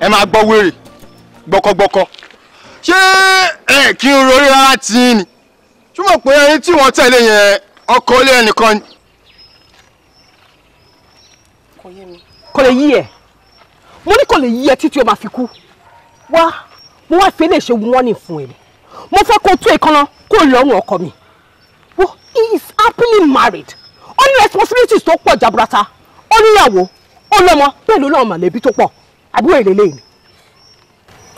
Speaker 2: ẹ máa gbọ́ wèrè gbọ́kọ́gbọ́kọ́ ṣé ẹ kí n rorí rárá tí ń ni túmọ̀ pé ẹni tí wọ́n tẹ̀lé yẹn ọkọ̀ ilé ẹnìkan ni. kò yé mi. kò lè
Speaker 1: yí ẹ mo ní kò lè yí ẹ títí o máa fi kú wá mo wá fi eléyìí ṣe warning fún ẹ mo fẹ́ kó tó ìkànnà kó lọ́rùn ọkọ mi wo he is happily married ó ní responsibilities tó pọ̀ jaburata ó níyàwó ó lọ́mọ bẹ́ẹ̀ ló lọ́mọ mọ̀lẹ́bí tó pọ̀ àbúrò ìrẹ̀lẹ̀ yìí.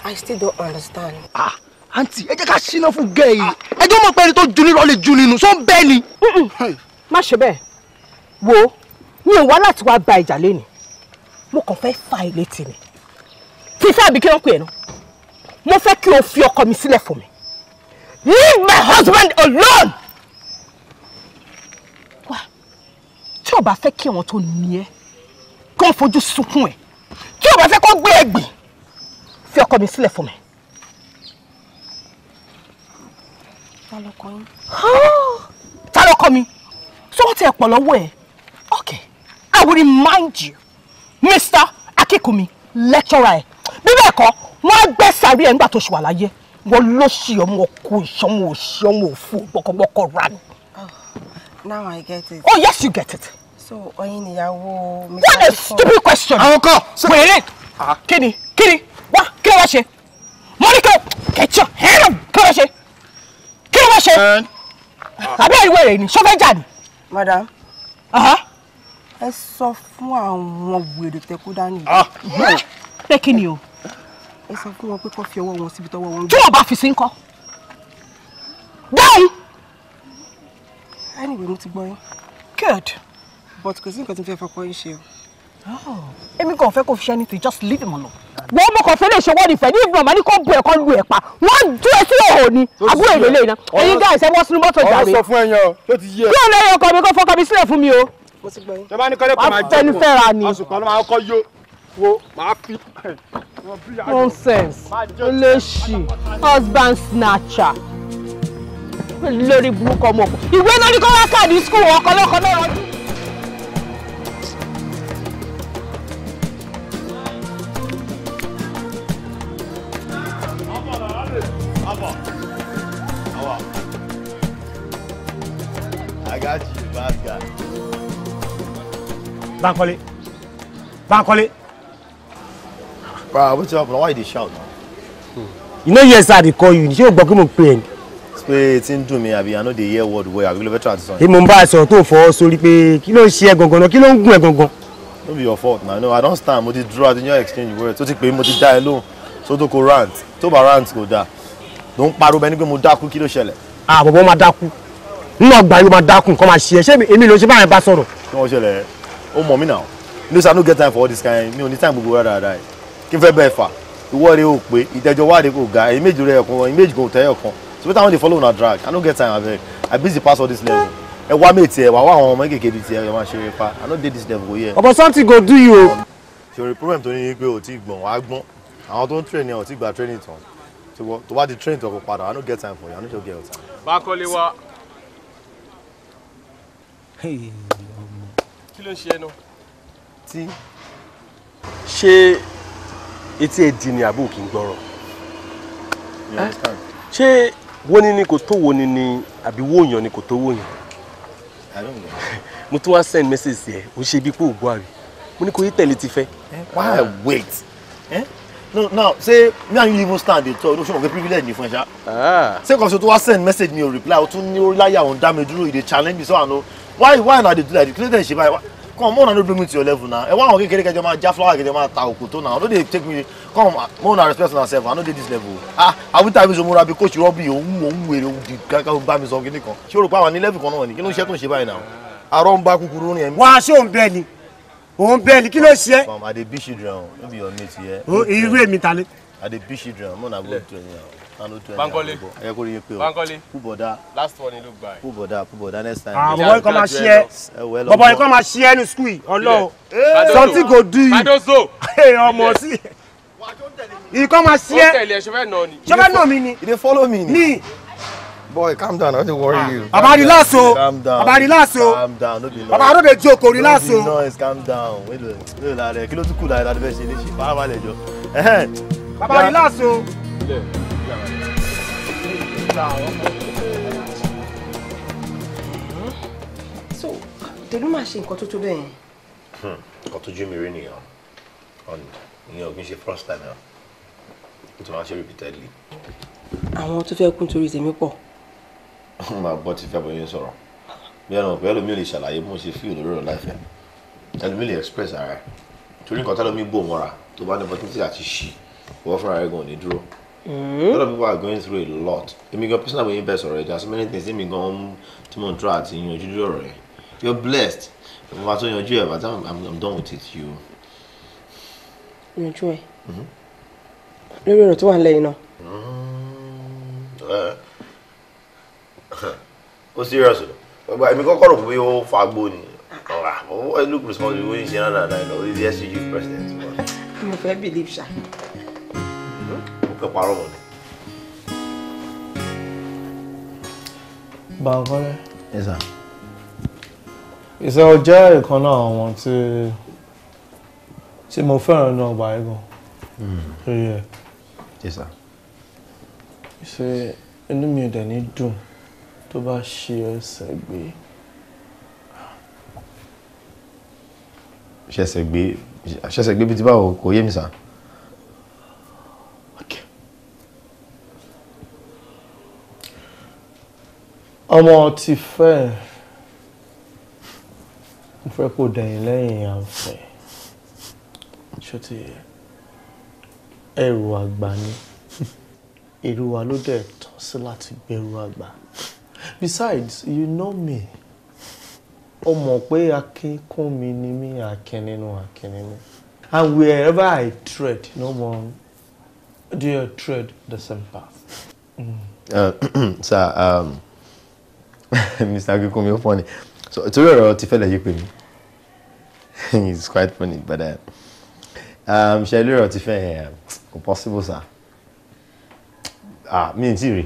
Speaker 1: I still don't understand. ah àǹtí ẹ jẹ́ ká ṣínà fún gẹ́ẹ̀ yìí ẹjọ́ mọ̀ pé ẹni tó ju ní lọ́ọ́ lè ju nínú sọ ń bẹ́ẹ̀ ni. má ṣe bẹ́ẹ̀ wo mi ò wá láti wá gba ìjà lẹ́nu mo kàn fẹ́ fa ilé tì ní tí fẹ́ àbí kí wọ́n pè é nu mo fẹ́ kí o fi ọkọ mi sílẹ̀ fún mi leave my husband alone. wá tí o bá fẹ́ kí àwọn tó ní ẹ kí wọ́n fojú sunkún ẹ̀ tí o bá fẹ́ kó gbé ẹ̀gbìn fi ọkọ mi sílẹ̀ fún mi. ta lọkọ yín. ta lọkọ mi ṣé wọ́n ti ẹ̀ lọ́wọ́ ẹ̀ okay I will remind you Mr. Akínkúnmi lecturer ẹ̀ bí bẹ́ẹ̀ kọ́ wọ́n á gbẹ́ sàárì ẹ̀ nígbà tó ṣì wà láyé wọ́n ló ṣì ọmọ kó ìṣọ́mọ òṣì òfu gbọkọgbọkọ rani. Oh, now I get it. oh yes you get it so ọyin níyàwó mi. what a stupid question. àwọn kan. wèrè ah. kíni kíni wá kí ló wá ṣe mọ́nìkà kẹ̀tíọ̀ hẹ́rọ̀ kí ló wá ṣe kí ló wá ṣe ah. àbí ìwé rẹ̀ ni sọ́fẹ́ jà ni. madam ẹ sọ fún àwọn wèrè tẹkú dání. pé ah. kí ni o. ẹ sọ fún wọn pé kó fi ọwọ́ wọn síbi tọ́wọ́ wọn. tí wọn bá fi sí ńkọ́ dáhùn. anyway mo ti gbọ́ yín. good but kò sí nǹkan tí mo fẹ́ fọkọ yín ṣe o. Oh. èmi kàn fẹ́ kó fi ṣe anything just leave him alone. wọ́n mọ̀ kàn fẹ́ lè ṣe wọ́n ìfẹ́ ní ìbùnà màá ní kó bu ẹ̀kọ́ lu ẹ̀pa wọ́n dún ẹ sí òhò ni àbúrò èlé lè na ẹ̀yin guys wọ́n sinú mọ́tò jàre. ọ̀rọ̀ sọ fún ẹ̀yin o yóò ti yé ẹ. kí ọ̀nà ẹ̀yọ̀
Speaker 2: kan mi kó fọkàn mi sílẹ̀ fún mi o. mo ti gbọ́ yín. ní kọ́lé kan máa jẹ́ kó wo màá fi.
Speaker 3: nonsense
Speaker 2: olóṣì
Speaker 1: husband snatcher lórí burúkú ọmọ ìwé náà ní kó wá
Speaker 3: kàdí skul ọkọ lọkọ náà
Speaker 2: Bankole. Bankole. Bruh, what's up? Why you shout now? You know yes I dey call you. You o gbọ́ pé mo It's ẹ́ ni? Pé I know they hear what well àbí ló fẹ́ try to sọ. Èmi ń so ẹ sọ̀rọ̀ So fọ́ sórí share gongo. ló ń ṣe gongo. Don't be your fault now. no I don't stand mo ti draw out your exchange words tó ti pè mo ti dá ẹ lóhùn tó tó kó rant tó bá rant kò dáa ló ń pariwo bẹ́ẹ̀ ni pé mo dákú kí ló ṣẹlẹ̀. Àbọ̀bọ̀ ah, máa dákú nínú ọgbà yóò máa dákú nǹkan máa ṣe ẹ ṣé èmi ló ṣe báyìí bá sọ̀rọ̀ ó mọ̀ mí náà you know say i no get time for all this kind mi ò ní time gbogbo rárá rárá kí n fẹ́ bẹ́ẹ̀ fà ìwọ rẹ ò pé ìtẹ́jọ́ wà rẹ kò ga ẹ̀yìn méjì rẹ ọ̀kan ẹ̀yìn méjì kò tẹ́ ọ̀kan so better when they follow una drag i no get time abeg i busy pass all this level ẹ wá mate ẹ wá wá àwọn ọmọ kékeré tiẹ ẹ máa ṣeré pa i no dey this level kò yẹ. ọ̀bọ̀ something go do you o. ṣòro problem tó ní ní pé o ti gbọ̀n wá gbọ́n àwọn tó ń train yẹn o ti gba training tán tó bá di train tó kò padà i no get time for you i no just get your time. bákọ́lé wa ló ṣe ẹnu. tí ṣé etí ẹ di ni àbò kì í gbọ́rọ̀ ṣé wọ́n ni kò tó wo ni ni àbí wòyàn ni kò tó wòyàn mo tún wá send message yẹ o ṣe bí pé o gbọ́ àrí mo ní kò yí tẹ̀lé ti fẹ́. Eh, why wait eh? no now say me and you even stand dey talk olóṣèlú ọ̀gá privilege ni fún ẹ ṣá. Ah. ṣé kò sọ tó wá send message mi o reply o tún ní ó láyà òun dá mi dúró you dey challenge me so àná why why una dey do like this kí ló dé ṣe báyìí come more no bring me to your level now. E wan o your kejo ma ja flower kejo ma ta oko to now. No they take me come more na respect na I know dey this level. Ah, abi ta bi so mura bi coach Robbie ohun ohun wèrè ohun di kan kan bá mi sọ kíní kan. Ṣé o rò pé àwọn ní level kan náà ni? Kí ló ń ṣe tó ń ṣe báyìí now? Arọ ń bá kúkúrú ní ẹ̀mí. Wá ṣé òun bẹ́ẹ̀ ni? You bẹ́ẹ̀ ni kí ló ṣe é? Mama, I dey be children o. No be your mate here. You oh, èmi ta ni? I dey be children. Mo na go to you now. Bankole ẹ kò rí i pé o Bankole púbọ̀dá last one ló gbà ẹ púbọ̀dá púbọ̀dá next time. àwọn ah, bọ̀bọ̀ ikọ̀ máa ṣí ẹ bọ̀bọ̀ ikọ̀ máa ṣí ẹ ní skul yìí ọlọ́ọ̀ something go do you ọmọ sí ikọ̀ máa ṣí ẹ ṣọfẹ́ náà mi ni. you dey follow me ni. boy calm down i no dey worry you. baba relax o baba relax o baba no dey joke o relax o. no be noise calm down wey lo la rẹ kí ló tún kù láyé láti fẹ́ ṣe léṣe farabalẹ̀ Eh. baba relax o so
Speaker 1: tẹ̀lú máa machine, nǹkan to tó bẹ́ẹ̀ yẹn.
Speaker 2: nǹkan tó jú mi rí nìyẹn ìyẹn ò kí n first time náà nítorí wọn ṣe repeatedly.
Speaker 1: I want to feel torí tèmi pọ̀.
Speaker 2: máa gbọ́ ti fẹ́ bọ́ yín sọ̀rọ̀ bí ẹnu ọ̀pẹ ẹlòmíì must feel the real life. lórí ọ̀rọ̀ láìfẹ́ ẹlòmíì lè express ara ẹ̀ torí nǹkan tẹ́lómi bò mọ́ra tó bá ní opportunity àti ṣì wọ́n fúnra rẹ̀ gan ò ní
Speaker 4: Mm. A lot of
Speaker 2: people are going through a lot. I mean, your personal wey invest already. There's so many things èmi gan tí mo ń try àti yanjú lórí ọ̀rọ̀ ẹ̀. You are blessed. Mo máa tó yanjú ẹ̀ by the time I'm done with it you.
Speaker 1: Yanjú ẹ̀. Hmm? Lórí ọ̀rọ̀ tó wà lẹ́yìn náà.
Speaker 2: Hmm. Ó serious o. Èmi kọ́kọ́ rò pé ó fa agbó ni. Ó look responsible wey ṣe náà dáadáa lọ. Ó di SUG president.
Speaker 1: Mo fẹ́ believe ṣá
Speaker 2: fẹ́ parọ́ wọn ni. Bankole. Yes sir. Ìṣẹ́ o jẹ́ ìkan náà àwọn tí tí mo fẹ́ràn náà gbà ego gan. Hmm. Yes sir. Ìṣe inú mi ò dẹ̀ ní dùn tó bá ṣe ẹsẹ̀ gbé. ṣẹ̀ṣẹ̀ gbé ṣẹ̀ṣẹ̀ gbé bí ti báwo kò yé mi sàn. ọmọ ti fẹ́ mo fẹ́ kó dẹ̀yìn lẹ́yìn àǹfẹ́ ṣó ti ẹrù àgbà ni èrò wa ló dẹ̀ tọ́ sí láti gbẹrù àgbà besides you know me o mọ̀ pé akínkún mi ni mí akin nínú akin nínú and wherever I tread no more do you tread the same path. Mm. Uh, sir, um, Mr. Akinkunmi ó funny so torí ọ̀rọ̀ ti fẹ́lẹ̀ yí pé mi it's quite funny but uh, um, ṣe lórí ọ̀rọ̀ ti fẹ́ um, kò possible sir ah mi n tí rí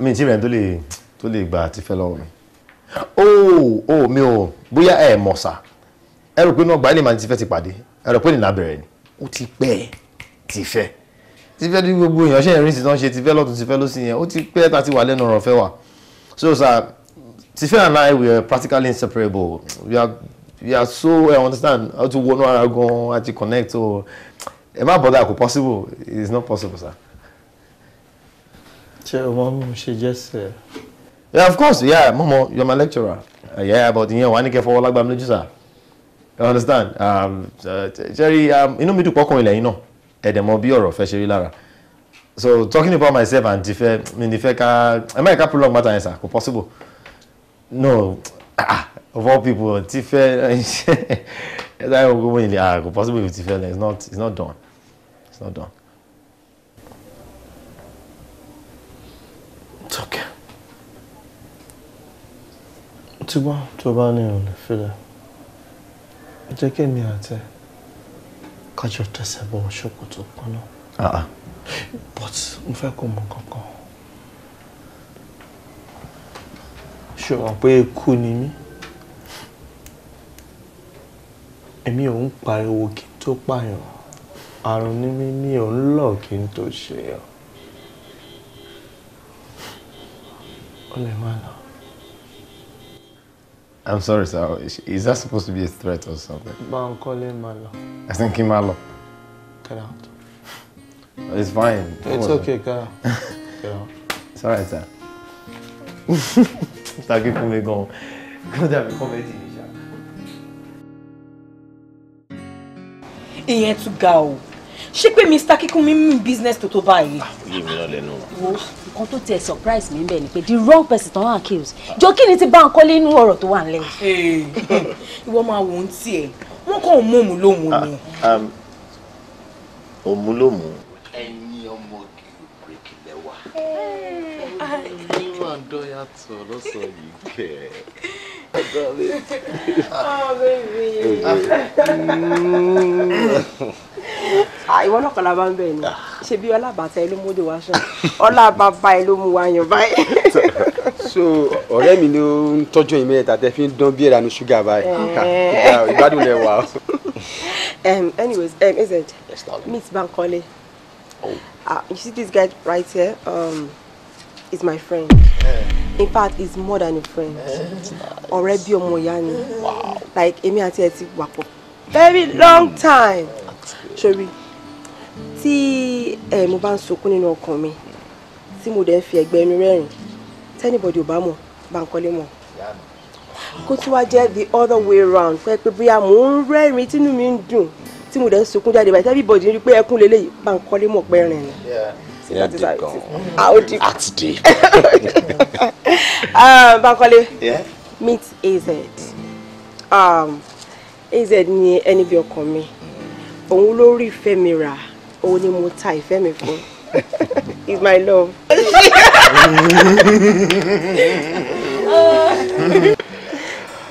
Speaker 2: mi n tí rí ẹni tó lè gba ti fẹ́ lọ́wọ́ mi oh oh mi ò bóyá ẹ mọ̀ sir ẹ rò pé náà gbà ẹ lè máa ti fẹ́ ti pàdé ẹ rò pé nìlá bẹ̀rẹ̀ ni ó ti pẹ́ ti fẹ́ ti fẹ́ ní gbogbo èèyàn ṣe ìrìn sí tán ṣe ti fẹ́ lọ́tún ti fẹ́ lọ́sí yẹn ó ti pẹ́ ta ti wà lẹ́nu ọ̀rọ̀ fẹ́ wà. So, sir, Tiffany and I, we are practically inseparable. We are, we are so, I understand how to one I go, how to connect, or am I bothered? Possible? It's not possible, sir. Chair, mom, she just said. Yeah, of course, yeah, Momo, you're my lecturer. Uh, yeah, but you know, I need to follow like Bamleju, sir. You understand? Um, uh, Jerry, um, you know me pọ́kàn ilẹ̀ yìí náà, ẹ̀dẹ̀ mọ bí ọ̀rọ̀ fẹ́ ṣe rí lára so talking about myself and dife mi dife ka ẹ má yẹ ká prolong matter yẹn sir kò possible no ah of all people dife ẹ sáyẹn ogun mo yin le ah kò possible with dife like it's not it's not done it's not done. it's okay. tí wọ́n tó bá ní ìrònú fílẹ̀ jẹ́ kí èmi àti kájọ tẹ̀sẹ̀ bọ̀ ṣòkòtò kan náà but mo fẹ́ kó mọ kankan ṣùgbọ́n pé ikú ni mí èmi ò ń pariwo kí n tó pààyàn àrùn ni mí mi ò ń lọ kí n tó ṣe ọ ó lè má lọ. I'm sorry, sir. Is that supposed to be a threat or something? Bankole Malo. I think Imalo. Get out. It's fine. it's okay, Kaya. yeah. It's alright, sir. Thank you for me going. Go there, comedy.
Speaker 1: Ìyẹn tún ga o. Ṣé pé Mr. Kíkún mi mú business tó tó báyìí? Yé ah,
Speaker 2: mi náà lẹ́nu.
Speaker 1: Wo nǹkan tó tiẹ̀ surprise mi bẹ́ẹ̀ ni the wrong person tán wà kills. Jọ kí ni ti bá ń kọ́lé inú ọ̀rọ̀ tó wà ń eh. lẹ́yìn? Ìwọ máa wò ó ń tiẹ̀. Wọ́n kàn ń ni.
Speaker 2: Ah, um, Òmù lóhùn ẹ̀yin ọmọge òbíríkì lẹ́wà.
Speaker 4: ẹ̀yin máa ń dọ́yà tọ̀ lọ́sàn-án yìí kẹ́ ẹ̀.
Speaker 1: Ah, ìwọ náà kọ́lá bá ń bẹ̀ ni, ah. ṣe bí ọlábàtà ẹ ló mójú wa ṣan, ọlábàbà ẹ ló mú wa yàn báyìí.
Speaker 2: So ọ̀rẹ́ mi ló ń tọ́jú ìmọ̀ ẹ̀ta tẹ́ fi ń dán bí ẹ̀rà ní ṣúgà báyìí. Eh. Ìgbádùn lẹ wà.
Speaker 1: Anyways, um, is it? Yes, Bankole. Oh. Uh, you see this guy right here? Um, is my friend. Yeah. In fact, he's more than a friend. Already eh. bí ọmọ ìyá ni. Like èmi àti ẹ̀ ti wà Very long time. Sori, tí ẹ̀ mo bá ń sunkún nínú mi, tí mo dẹ̀ ń fi ẹ̀gbẹ́ inú rẹ́rìn, tẹ́nìbọ̀dì ò bá mọ̀, Bánkọ́lé mọ̀. the other way round pé pé bóyá mò ń rẹ́rìn tínú tí mo dẹ̀ ń sunkún jáde báyìí everybody rí pé ẹkún lélẹ́yìí bá ń kọ́lé mọ̀ pé rìn ni àti dé. Bankole meet AZ um, AZ ni ẹni bí ọkàn mi òun ló rí ìfẹ́ mi rà òun ni mo ta ìfẹ́ mi fún is my love.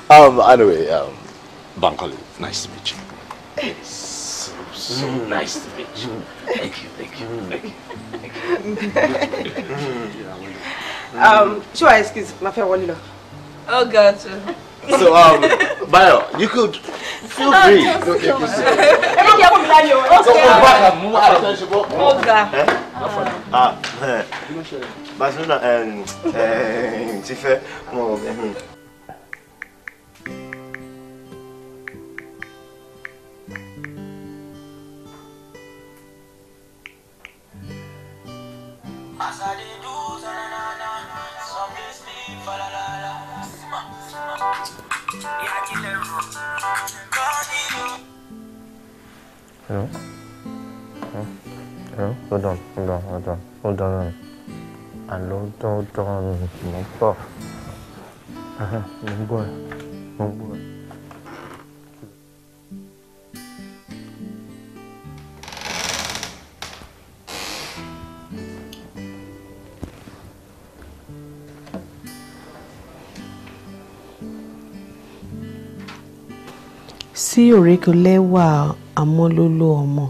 Speaker 4: um, anyway um, Bankole nice to meet you. Yes. So nice to meet you. Thank you, thank you, thank you. um,
Speaker 1: should I excuse my fair one?
Speaker 3: Oh, gotcha.
Speaker 2: So, um, Bayo, you could
Speaker 3: feel
Speaker 1: ah, free. No, thank you so much. Thank you, Bayo. Okay.
Speaker 2: Oh, God. Eh? Ah, eh. Barcelona, um, um, Tifa,
Speaker 1: No, no, did do, na na na, some is sleep, fa la la la.
Speaker 2: Hello? Hello? Hello? Hold on, hold on, hold on, hold on. And hold on, hold on, my boy. No, no, no. boy.
Speaker 1: sí òrékelẹ́wà amọ́lóló ọmọ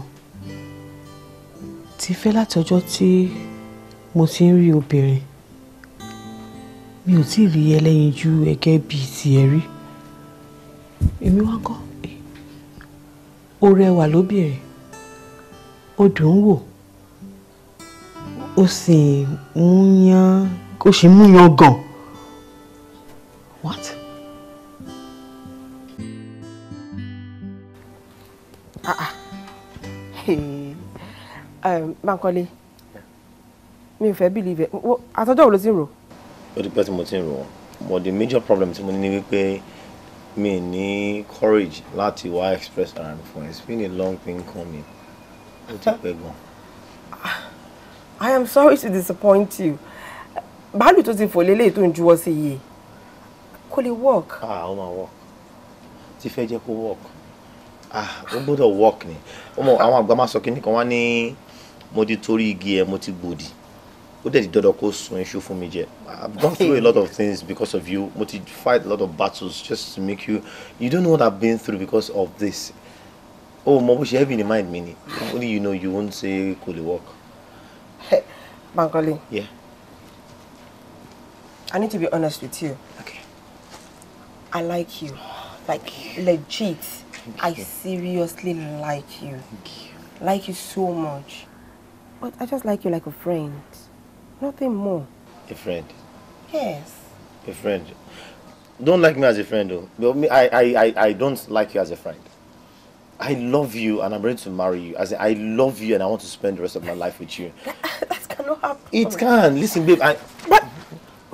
Speaker 1: ti fẹ́ látọjọ́ tí mo ti ń rí obìnrin mi ò tí ì rí ẹlẹ́yinjú ẹgẹ́ bíi tiẹ̀ rí èmi wá kọ́ ó rẹwà lóbìnrin ó dùn ún wò ó sì ń yan ó sì ń múyan gan what Ah, ah. um, Bánkọ́lé mi ò fẹ́ believe àtọ́jọ́ wo ló ti ń rò.
Speaker 2: ó ti pẹ́ tí mo ti ń rò wọ́n but the major problem tí mo ní ni wípé mi ní courage lati, wá express ara mi fún it's been a long thing coming ó ti pẹ́ gan.
Speaker 1: I am sorry to disappoint you báàlù tó ti fò lélẹ̀ tó ń juwọ́ sí yìí
Speaker 2: kò lè work. ah ó máa work tí fẹ́ jẹ́ kó work. Ah, ó gbọ́dọ̀ work ni ọmọ àwọn àgbà máa sọ kí nìkan wá ní mo ti torí igi ẹ mo ti gbòdì ó dẹ̀ di dandan kó sun iṣu fún mi jẹ I've gone through a lot of things because of you mo ti fight a lot of battles just to make you you don't know what I've been through because of this oh mo bó ṣe heavy in mind mi ni only you know you won't say kò lè work. Bankole. Yeah.
Speaker 1: I need to be honest with you. Okay. I like you. Like legit, I seriously like you. Like you so much. But I just like you like a friend. Nothing more. A friend? Yes.
Speaker 2: A friend. Don't like me as a friend though. But me, I, I, I, I don't like you as a friend. I love you and I'm ready to marry you. As I love you and I want to spend the rest of my life with you. that cannot happen. It can. Listen, babe, I... What?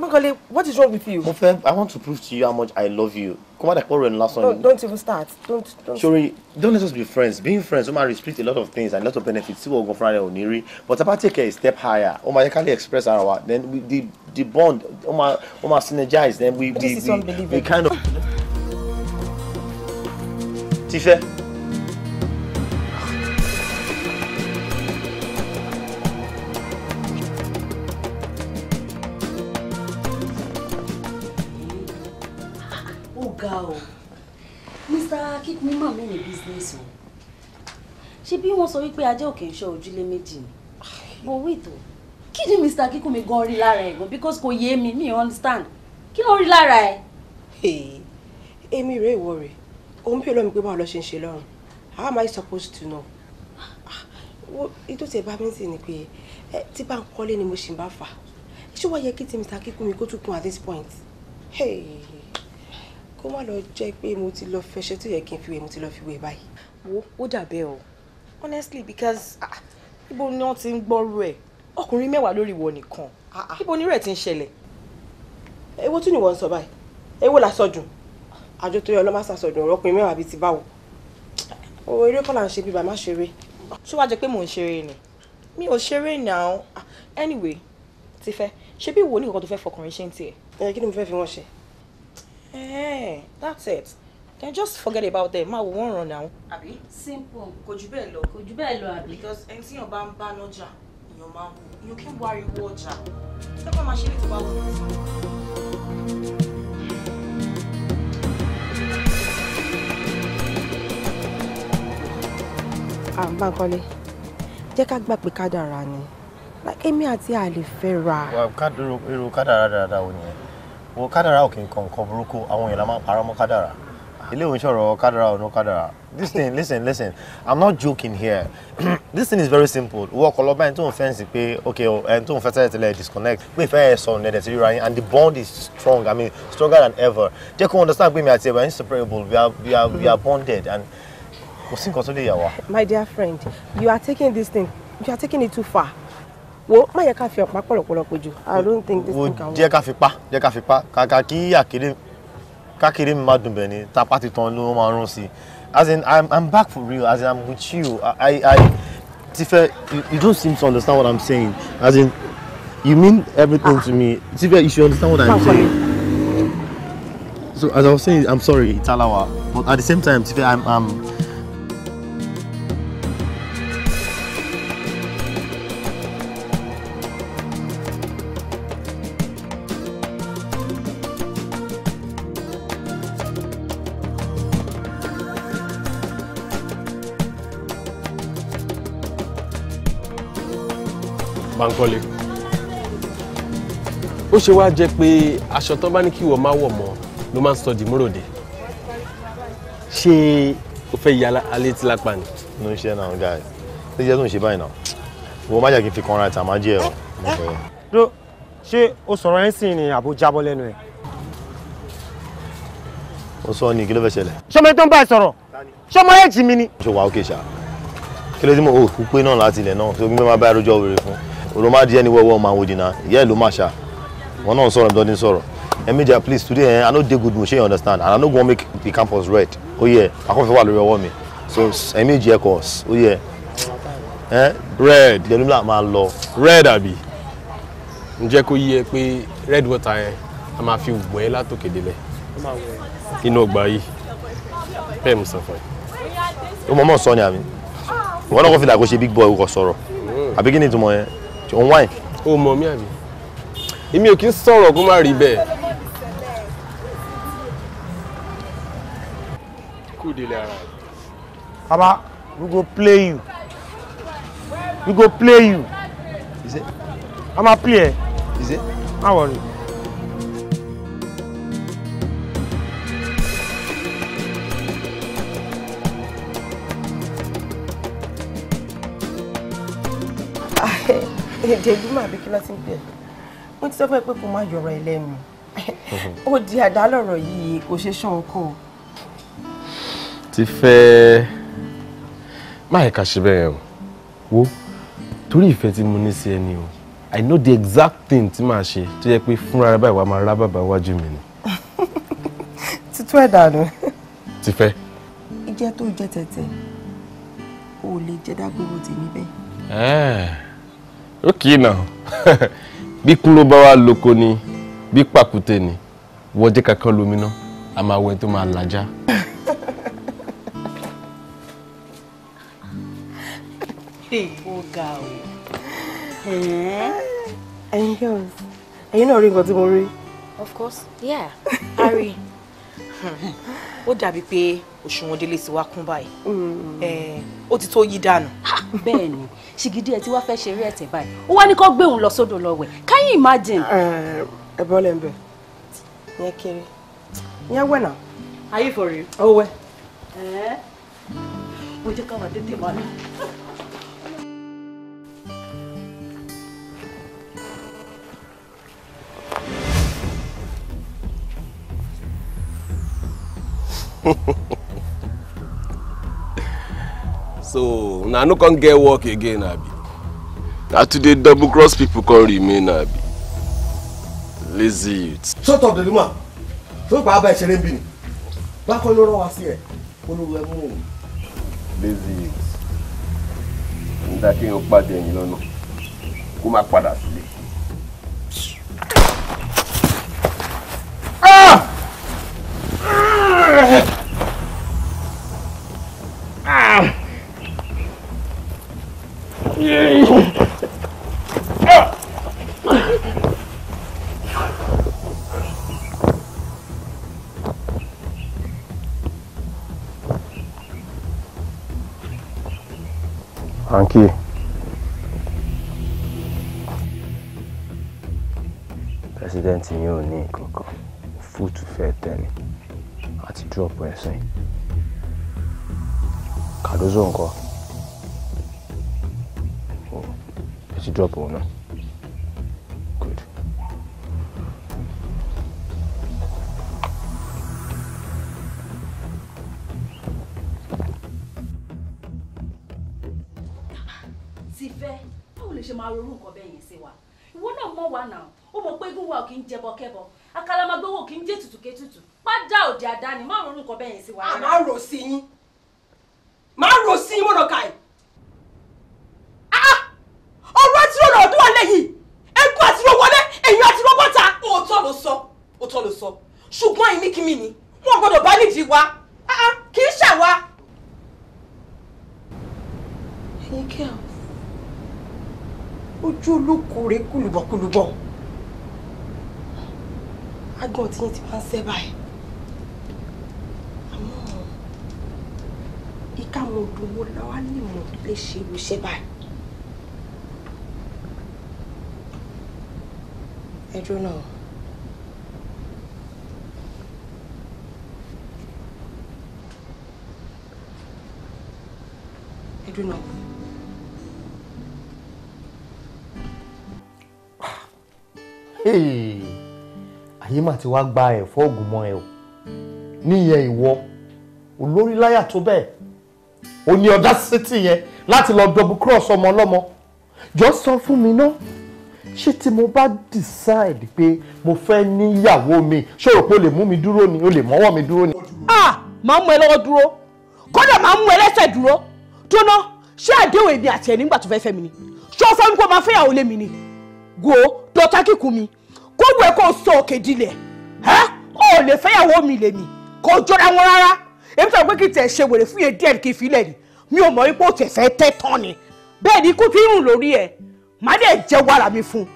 Speaker 2: Makole, what is wrong with you? Mo I want to prove to you how much I love you. Come on, I call you last one. Don't,
Speaker 1: even start. Don't, don't. Sorry,
Speaker 2: don't let us be friends. Being friends, Oma respect a lot of things and a lot of benefits. See what go Friday there, Oniri. But about take a step higher. Oma máa can express our wa. Then we, the the bond, Oma Oma synergize. Then we we, we, we kind of. Tife.
Speaker 1: o Mr. Kíkún mọ̀ mí ní bísíǹsì o ṣe bí wọ́n sọ wípé ajé òkè ń ṣọ́ ojúlé méjì ni mo wí tó kí ni Mr. Kíkún mi gan rí lára ẹ̀ because kò yé mi mi understand kí ló rí lára ẹ̀. èmi rèé ìwọ rèé òun bí olómi pé báwo lọ ṣe ń ṣe lọ́rùn how am I supposed to know ìtò tí ẹ bá mi sì ni pé tí bá ń kọ́lé ni mo ṣì ń bá fà ṣé wọ́n yẹ kí ti Mr. Kíkún kó tún kún at this point. Hey kó má lọ jẹ́ pé mo ti lọ fẹsẹ̀ tó yẹ kí n fi wẹ̀ mo ti lọ fi wẹ̀ báyìí. wo ó dàbẹ́ o honestly because ah, ibo ni wọ́n ti ń gbọ́rú ẹ̀ ọkùnrin mẹ́wàá lórí ìwọ nìkan ah, ah. ibo ni rẹ̀ ti ń ṣẹlẹ̀. èwo tún ni wọ́n ń sọ báyìí èwo la sọdùn àjọ tó yẹ ọlọ́mọ sàsọdùn ọ̀rọ̀ ọkùnrin mẹ́wàá bíi ti báwo òwò eré kọ́ là ń ṣe bíbá má ṣeré. ṣé wàá jẹ pé mò ń ṣeré ni mi ò ṣeré now anyway ti fẹ́ ṣé bí wo ní nǹkan tó fẹ́ fọkùnrin ṣe ń tiẹ̀. ẹ kí ni mo fẹ́ fi wọ́n ṣe Hey, eh, that's it. Then just forget about them. Máa wò wọ́n ràn náà. Àbí? Simple. Kò jù bẹ́ẹ̀ lọ. Kò jù bẹ́ẹ̀ lọ Because ẹni tí yàn bá ń bá lọ́jà, èèyàn máa ń wò. Èèyàn kí n wo ariwo ọjà. Ṣé kò máa ṣe létí wá wò? À ń bá ń kọ́lé. Jẹ́ ká gbà pé kádàrá ni. Èmi àti àlè
Speaker 2: fẹ́ wo kádàrá òkè nǹkan nǹkan burúkú àwọn èèyàn la máa ń parọ́ mọ́ kádàrá ilé òun sọ̀rọ̀ kádàrá òun kádàrá this thing listen listen i'm not joking here this thing is very simple wọ́n kọ́ lọ́ba ẹni tó ń fẹ́ǹsì pé ok ẹni tó ń fẹ́ tẹ́lẹ̀ tẹ́lẹ̀ disconnect pé ìfẹ́ ẹ̀ sọ̀rọ̀ nẹ̀dẹ̀ sí ríra yín and the bond is strong i mean stronger than ever jẹ́ kó understand pé mi àti ẹ̀ we are inseparable we are we are we are bonded and kò sí nǹkan tó lè yà wá.
Speaker 1: my dear friend you are taking this thing you are taking it too far wo má yẹ ká fi ọ̀pá pọ̀lọ̀pọ̀lọpọ̀ jù
Speaker 2: i don't think this thing can work. jẹ́ ká fi pa jẹ́ ká fi pa kàkà kí àkèrè kákèrè mi má dùn bẹ̀ ni tapá ti tán ló máa rún sí i as in i'm i'm back for real as in i'm with you i i Tife you, you don't seem to understand what i'm saying as in you mean everything ah. to me Tife you should understand what i'm saying. So as I was saying, I'm sorry, Italawa, but at the same time, Tife, I'm, I'm Kọ́lé ó ṣe wá jẹ́ pé aṣọ tó bá ní kí wọ́n má wọ̀ mọ́ ló máa ń sọ dìmúròde ṣé o fẹ́ ya alẹ́ tí lápá ni. ló ń ṣe náà guy ṣé jẹ́ tó ń ṣe báyìí náà wọ́n má jẹ́ kí n fi kan ra ìtàn má jẹ́ ọ. dó ṣé o sọ̀rọ̀ ẹ̀ sìn ní àbò jábọ́ lẹ́nu ẹ̀. ó sọ ni kí ló fẹ́ ṣẹlẹ̀. ṣọmọ tó ń bá ẹ sọ̀rọ̀ ṣọmọ ẹ̀ jì mí ni. ṣé wàá kè ṣá kí ló dé mọ̀ òkú pé náà láti ilẹ̀ náà tó gbé má bá ẹ rojọ́ wèrè fún. olùmọ̀ adìyẹ ni wọ́wọ́ máa wò dìnnà ìyá ẹ̀ ló wọn náà nsọrọ please today eh, I no dey good machine understand and I no go make the campus red ó yẹ akọ́fẹ́ wà lórí mi so ẹ méjì ẹ kọ̀ eh, red ìdẹ́nu náà lọ. red abi ǹjẹ́ kó pe red water a ma fi wẹ̀ ẹ́ mo ni big boy òun wáìn. o mọ mi àbí èmi ò kí ń sọ̀rọ̀ kó má rí bẹ́ẹ̀. kú délé ara. baba we go play you we go play you. Is it? I'm a player. Is it? No worry.
Speaker 1: èdè ìlú màbí kí lọ́ọ́ ti ń
Speaker 2: pè é
Speaker 1: mo ti sọ fún ẹ pé kó má yọ̀rọ̀ ẹ lẹ́nu ó di àdálọ̀rọ̀ yìí kò ṣe ṣan oko.
Speaker 2: ti fẹ́ máa ẹ̀ka ṣe bẹ́ẹ̀ o wo torí ìfẹ́ tí mo ní sí ẹni o I know the exact thing tí màá ṣe tó yẹ pé fúnra báyìí wàá máa rá bàbá iwájú mi ni.
Speaker 1: títú ẹ̀ dànù. ti fẹ́. ìjẹ́ tó jẹ tẹ̀tẹ̀ o ò lè jẹ́ dágbére tèmi bẹ́ẹ̀.
Speaker 2: Eh okay now bí kúló bá wà lóko ni bí pàkúté ni wọ́n jẹ́ kankan lómi náà a máa wẹ̀ tó máa làjá.
Speaker 1: ó ga o. ẹ̀yin girls ẹ̀yin náà rí nǹkan tí mo rí.
Speaker 3: of course yeah a rí
Speaker 1: ó dàbí pé òṣùwọ̀n délé ti wá kún báyìí hmm. ó ti tó yí dànù. bẹ́ẹ̀ ni ṣìgìdí ẹ ti wá fẹ́ ṣeré ẹ̀tẹ̀ báyìí ó wá ní kó gbé òun lọ sódò lọ wẹ̀ can you imagine. ẹ bọ́ lẹ́ ń yẹn kiri yẹn wẹ̀ náà. are you for real. ó wẹ̀. ẹ mo jẹ́ káwọn tètè máa lọ.
Speaker 2: Ha ha ha so na no come get work again abi na to dey double cross people come remain abi lazy youth. shut up delima tó pa abẹ́ ìṣeré ń bì ní bákan ló rán wa sí ẹ olúwo ẹ mú un. lazy youth ń dá kéèyàn pàdé ẹ̀yìn lọ́nà kó má padà sílé.
Speaker 3: ah!
Speaker 4: sẹ́yìn Cardozo nǹkan ẹ ti drop òun good.
Speaker 1: ti fẹ́ báwo lè ṣe máa ronú nǹkan bẹ́ẹ̀ yẹn sí wa ìwọ náà mọ̀ wá náà ó mọ̀ pé nǹkan bẹ́ẹ̀ yẹn sí wa. Ah, a máa rò sí yín máa rò sí yín mọ̀nà káì. ọ̀rọ̀ àti ọ̀rọ̀ ọdún wọlé yìí ẹ̀kú àti ọ̀rọ̀ wọlé èyí àti ọ̀rọ̀ bọ́ta. òótọ́ ló sọ òótọ́ ló sọ ṣùgbọ́n èmi kí mi ni wọ́n gbọ́dọ̀ bá nídìí wa ah, ah, kì í ṣàwa. ẹ̀yin kí àwọn ojú olókùnrin kùlùbọ̀kùlùbọ̀ agbọ̀n tí yín ti máa ń sẹ́ báyìí. olówó làwa ní mo lè ṣe irú iṣẹ́ báyìí. ẹ dúró náà. ẹ dúró náà.
Speaker 2: ayé mà ti wá gba ẹ̀fọ́ ògùnmọ́ ẹ o níyẹn ìwọ olórí láyà tó bẹ́ẹ̀ o ní audacity yẹn láti lọ double cross ọmọ ọlọ́mọ jọ sọ fún mi náà ṣé tí mo bá decide pé mo fẹ́ níyàwó mi ṣòro pé o lè mú mi dúró ni o lè mọ́wọ́ mi dúró ni. ah máa ń mú ẹ lọ́wọ́ dúró kódà máa ń mú ẹ lẹ́sẹ̀ dúró jóná
Speaker 1: ṣé àdéhùn èmi àti ẹ̀ tó fẹ́ẹ́ fẹ́ mi ni ṣé o fẹ́ mi kó máa fẹ́yàwó lé mi ni wo dọ́tà kíkún mi kó wù ẹ́ kó sọ òkè dilẹ̀ ẹ́ o lè fẹ́yàwó mi lèmi kò jọra wọn rárá èmi sọ pé kí tẹ̀ ṣe wèrè fún yẹn díẹ̀ kí n filẹ̀ ni mi ò mọ̀ wípé o tẹ̀ fẹ́ tẹ́ tán ni bẹ́ẹ̀ ni ikú ti rùn lórí ẹ̀ má dẹ̀ jẹ́ wàrà mi fún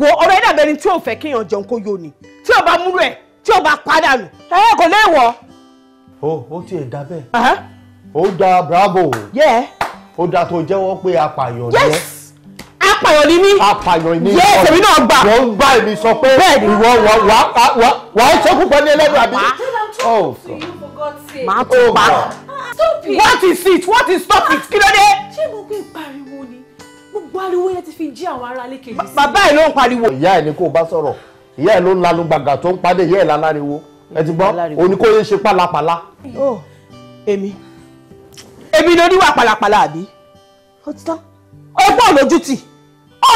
Speaker 1: wo ọ̀rọ̀ ẹ̀dá bẹni tí o fẹ́ kéèyàn jẹun kó yóò ni tí o bá múlò ẹ̀ tí o bá padà nù ẹ̀ kò
Speaker 2: léèwọ̀. o ó tiẹ̀ dá bẹ́ẹ̀ ó dá bravo ó dá tó jẹ́wọ́ pé apààyàn ni ẹ́ apààyàn ni mí. apààyàn ni mí. yé èmi náà gbà. wọ́n ń bá èmi sọ pé ìwọ wà á ṣekú pẹ̀lú ẹlẹ́dùn àbí. wà á ṣekú
Speaker 1: pẹ̀lú ẹlẹ́dùn àbí máa oh, Stop it! what is it what is stop it Kilo de? dé. ṣé mo gbé pariwo ni gbogbo ariwo yẹn ti fi jí àwọn ará lé kejì sí. bàbá ẹ ló ń
Speaker 2: pariwo. ìyá ẹ ni kó o bá sọ̀rọ̀ ìyá ẹ ló ń lanu gbàgà tó ń padà ìyá ẹ láláriwo ẹ ti gbọ́ òní kó yẹ ṣe pálapàla. ó oh, èmi èmi ló níwà pàlàpàlà àbí.
Speaker 1: ó ti tán. ó pọ̀ lójú tì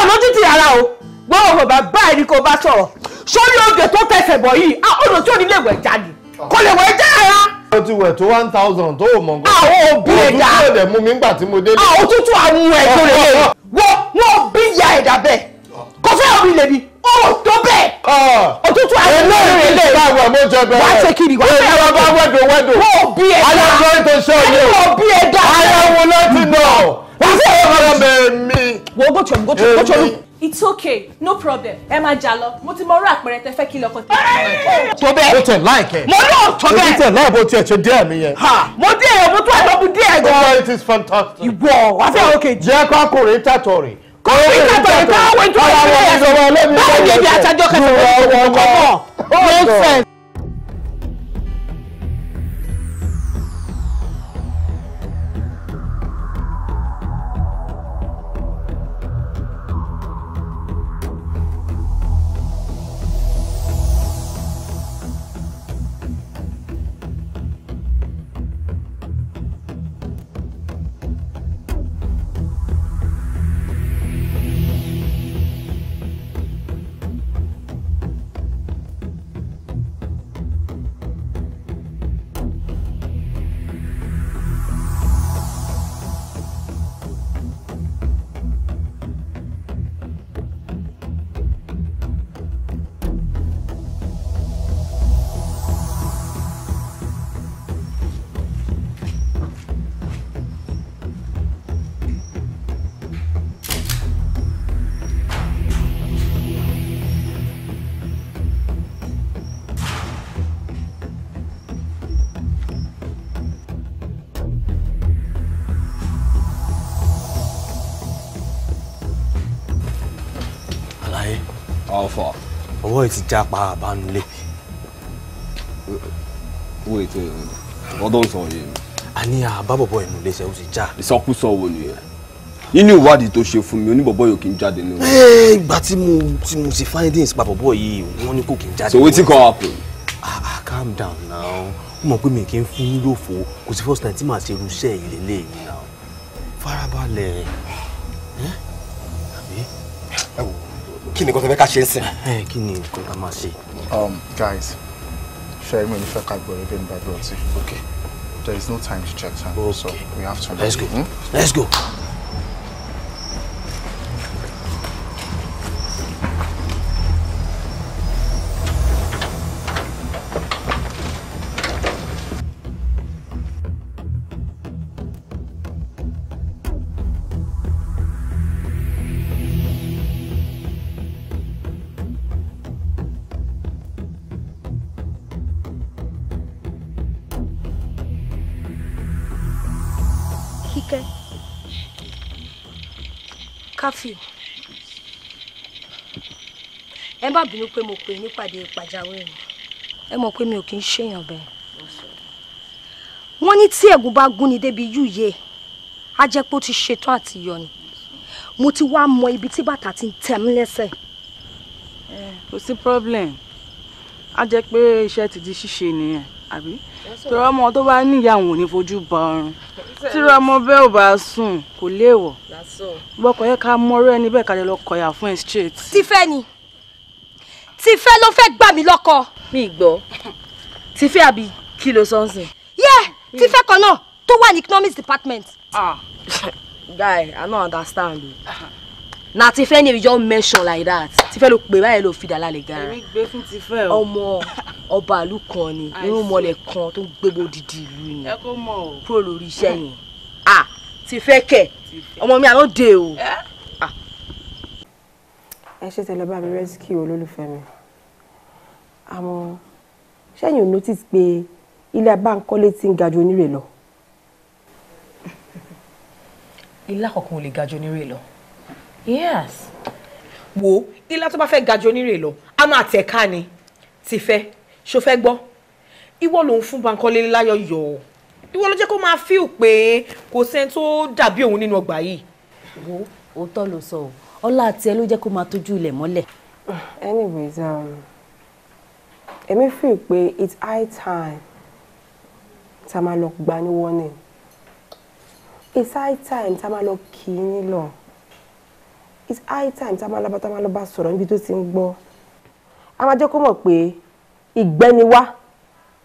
Speaker 1: ó lójú tì ara o gbọ́dọ̀ bàbá ẹ ni kó o bá sọ̀rọ̀ sórí oge tó tẹsẹ̀ bọ̀ yìí ọ̀nà tí ò ní lè wẹ̀ jáde kó lè
Speaker 3: wẹ̀ jẹ́
Speaker 2: ẹ̀rọ. ó ti wẹ̀ tó one thousand tó o mọ̀ nǹkan. àwọn òbí ẹ̀dá òtútù ẹ̀dẹ̀ mú mi ńgbà tí mo dé. àwọn òtútù àwọn ẹ̀dọ́ rẹ̀ lè
Speaker 3: wọ wọn bí ìyá ẹ̀dá bẹ́ẹ̀ kò fẹ́ òbí lè ní ó tó bẹ́ẹ̀. Ah. òtútù àwọn ẹ̀dọ́ rẹ̀ lè wá ṣe kiri wá ṣe kiri. wọ́n wẹ́dò wẹ́dò. wọ́n òbí ẹ̀dá. aláwọ̀ ètò iṣẹ́ òye. aláwọ̀
Speaker 1: it's okay no problem ẹ máa jà lọ mo ti mọ ọ̀rọ̀ àpẹẹrẹ tẹ fẹ́ kí lọkọ tẹ. tó bẹ́ẹ̀
Speaker 4: o tẹ̀ láìkẹ́. mo
Speaker 1: náà tó bẹ́ẹ̀. o tẹ̀
Speaker 2: láì bó tiẹ̀ ṣe díẹ̀ mi yẹn.
Speaker 1: mo díẹ̀ mo tún àlọ́bù díẹ̀ gan. okay
Speaker 2: it is fantastic. ìwọ wá fẹ́ òkè jù. jẹ́ kó kórè tàtọ̀ rè. kórè tàtọ̀ rè káwé tó ń ṣe é. báwo ni ìdí àtàjọ kẹsàn-án ló ń kọ́
Speaker 3: mọ́.
Speaker 2: ọwọ́ ẹ̀ ti já pa àbánulé. wait ọdọ sọ yìí. a ní àbábọ̀bọ̀ ìmùlẹ̀ ṣe ó ti já. ìsọkúsọ wo nìyẹn nínú ìwádìí tó ṣe fún mi oníbọ̀bọ̀ yìí kì í jáde ní. ìgbà tí mo tí mo ti findings pa bọ̀bọ̀ yìí wọ́n ní kò kì í jáde. so wetin come happen. ah ah calm down now ó mọ̀ pé mi kì í fún yín lófo kò sí first time tí màá ṣe irú iṣẹ́ ìlélẹ́yìn náà farabalẹ̀. kí ni nǹkan ká ṣe ń sìn. kí ni nǹkan tá máa ṣe. Um, guys ṣe mi ò ní fẹ́ ká gbọ́ ẹgbẹ́ nígbà bí ọtí. there is no time to check. time. okay so we have to. let's go hmm? let's go.
Speaker 1: má bínú pé mo pè nípàdé pàjáwìrì ẹ mọ̀ pé mi ò kì í ṣèyàn bẹ́ẹ̀. wọ́n ní tí ẹ̀gún bá gún ni débi yúyẹ á jẹ́ pé ó ti ṣetán àti yọ ni mo ti wá mọ ibi tí bàtà ti ń tẹ̀ mí lẹ́sẹ̀. kò sí problem á jẹ́ pé iṣẹ́ ti di ṣíṣe nìyẹn àbí tọrọ ọmọ tó bá níyà òun ní fojú ba ọrùn tíra ọmọ bẹ́ẹ̀ ò bá sùn kò léèwọ̀ bọ́kọ̀ yẹ ká mọ́rọ́ ẹni bẹ́ẹ̀ ká lè lọ kọ̀yà fún ẹ̀ straight. ti fẹ́ ni tìfẹ́ ló fẹ́ gbà mí lọ́kọ. mi gbọ́ tìfẹ́ àbí kí ló sọ ń sìn. yẹ tìfẹ́ kan náà tó wà ní economics department. ah guy i no understand o na tìfẹ́ ni you just mention like that tìfẹ́ ló pè báyìí ló fi dà lálẹ́ gan. èmi gbé fún tìfẹ́ o. ọmọ ọba ìlú kan ni irun mọlẹ̀ kan tó ń gbégbó didi ìlú ni kúrò lórí iṣẹ́ yẹn ah tìfẹ́ kẹ̀ ọmọ mi àná dé o. Yeah ẹ ṣe tẹ̀lé bá mi rescue olólùfẹ́ mi àmọ́ ṣẹ́yìn ò notice pé ilé abáńkọ́lé ti ń ga ju onírè lọ. ilé àkọ́kọ́ ò lè ga ju onírè lọ yes wo ilé tó bá fẹ́ ga ju onírè lọ a máa tẹ̀ ká ni tìfẹ́ ṣo fẹ́ gbọ́ ìwọ lòun fún bankole láyọ̀ yọ̀ ọ́ ìwọ ló jẹ́ kó máa fíù pé kò sẹ́ni tó dàbí òun nínú ọgbà yìí. wo òótọ́ ló sọ o ọlá àti ẹ ló jẹ́ kó máa tójú ilẹ̀ mọ́lẹ̀. anyways um, èmi um, fi pé it's high time tá a máa lọ gbà ní warning it's high time tá a máa lọ kì í nílọ it's high time tá a máa lọ bá tá a máa lọ bá sọ̀rọ̀ níbi tó ti ń gbọ́ a máa jẹ́ kó mọ̀ pé ìgbẹ́ni wá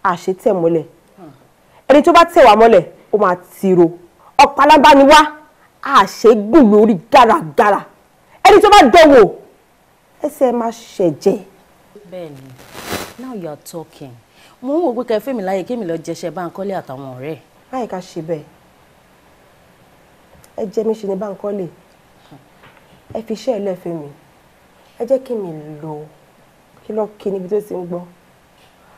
Speaker 1: àṣetẹ̀ mọ́lẹ̀ ẹni tó bá tẹ̀ wá mọ́lẹ̀ ó máa tiro ọ̀pá alábániwá àṣegùn lórí gàràgàrà ẹni tó bá dánwò ẹsẹ̀ máa ṣẹ̀jẹ̀. bẹ́ẹ̀ni now you are talking mo ń wò pé kẹfẹ́ mi láyè kémi lọ jẹṣẹ Báńkọ́lé àtàwọn ọ̀rẹ́. báyìí ká ṣe bẹ́ẹ̀ ẹ jẹ́ mi ṣe ní Báńkọ́lé ẹ fi iṣẹ́ ẹlẹ́fẹ̀ mi ẹ jẹ́ kí mi lọ kí lọ kí níbi tó ti ń gbọ́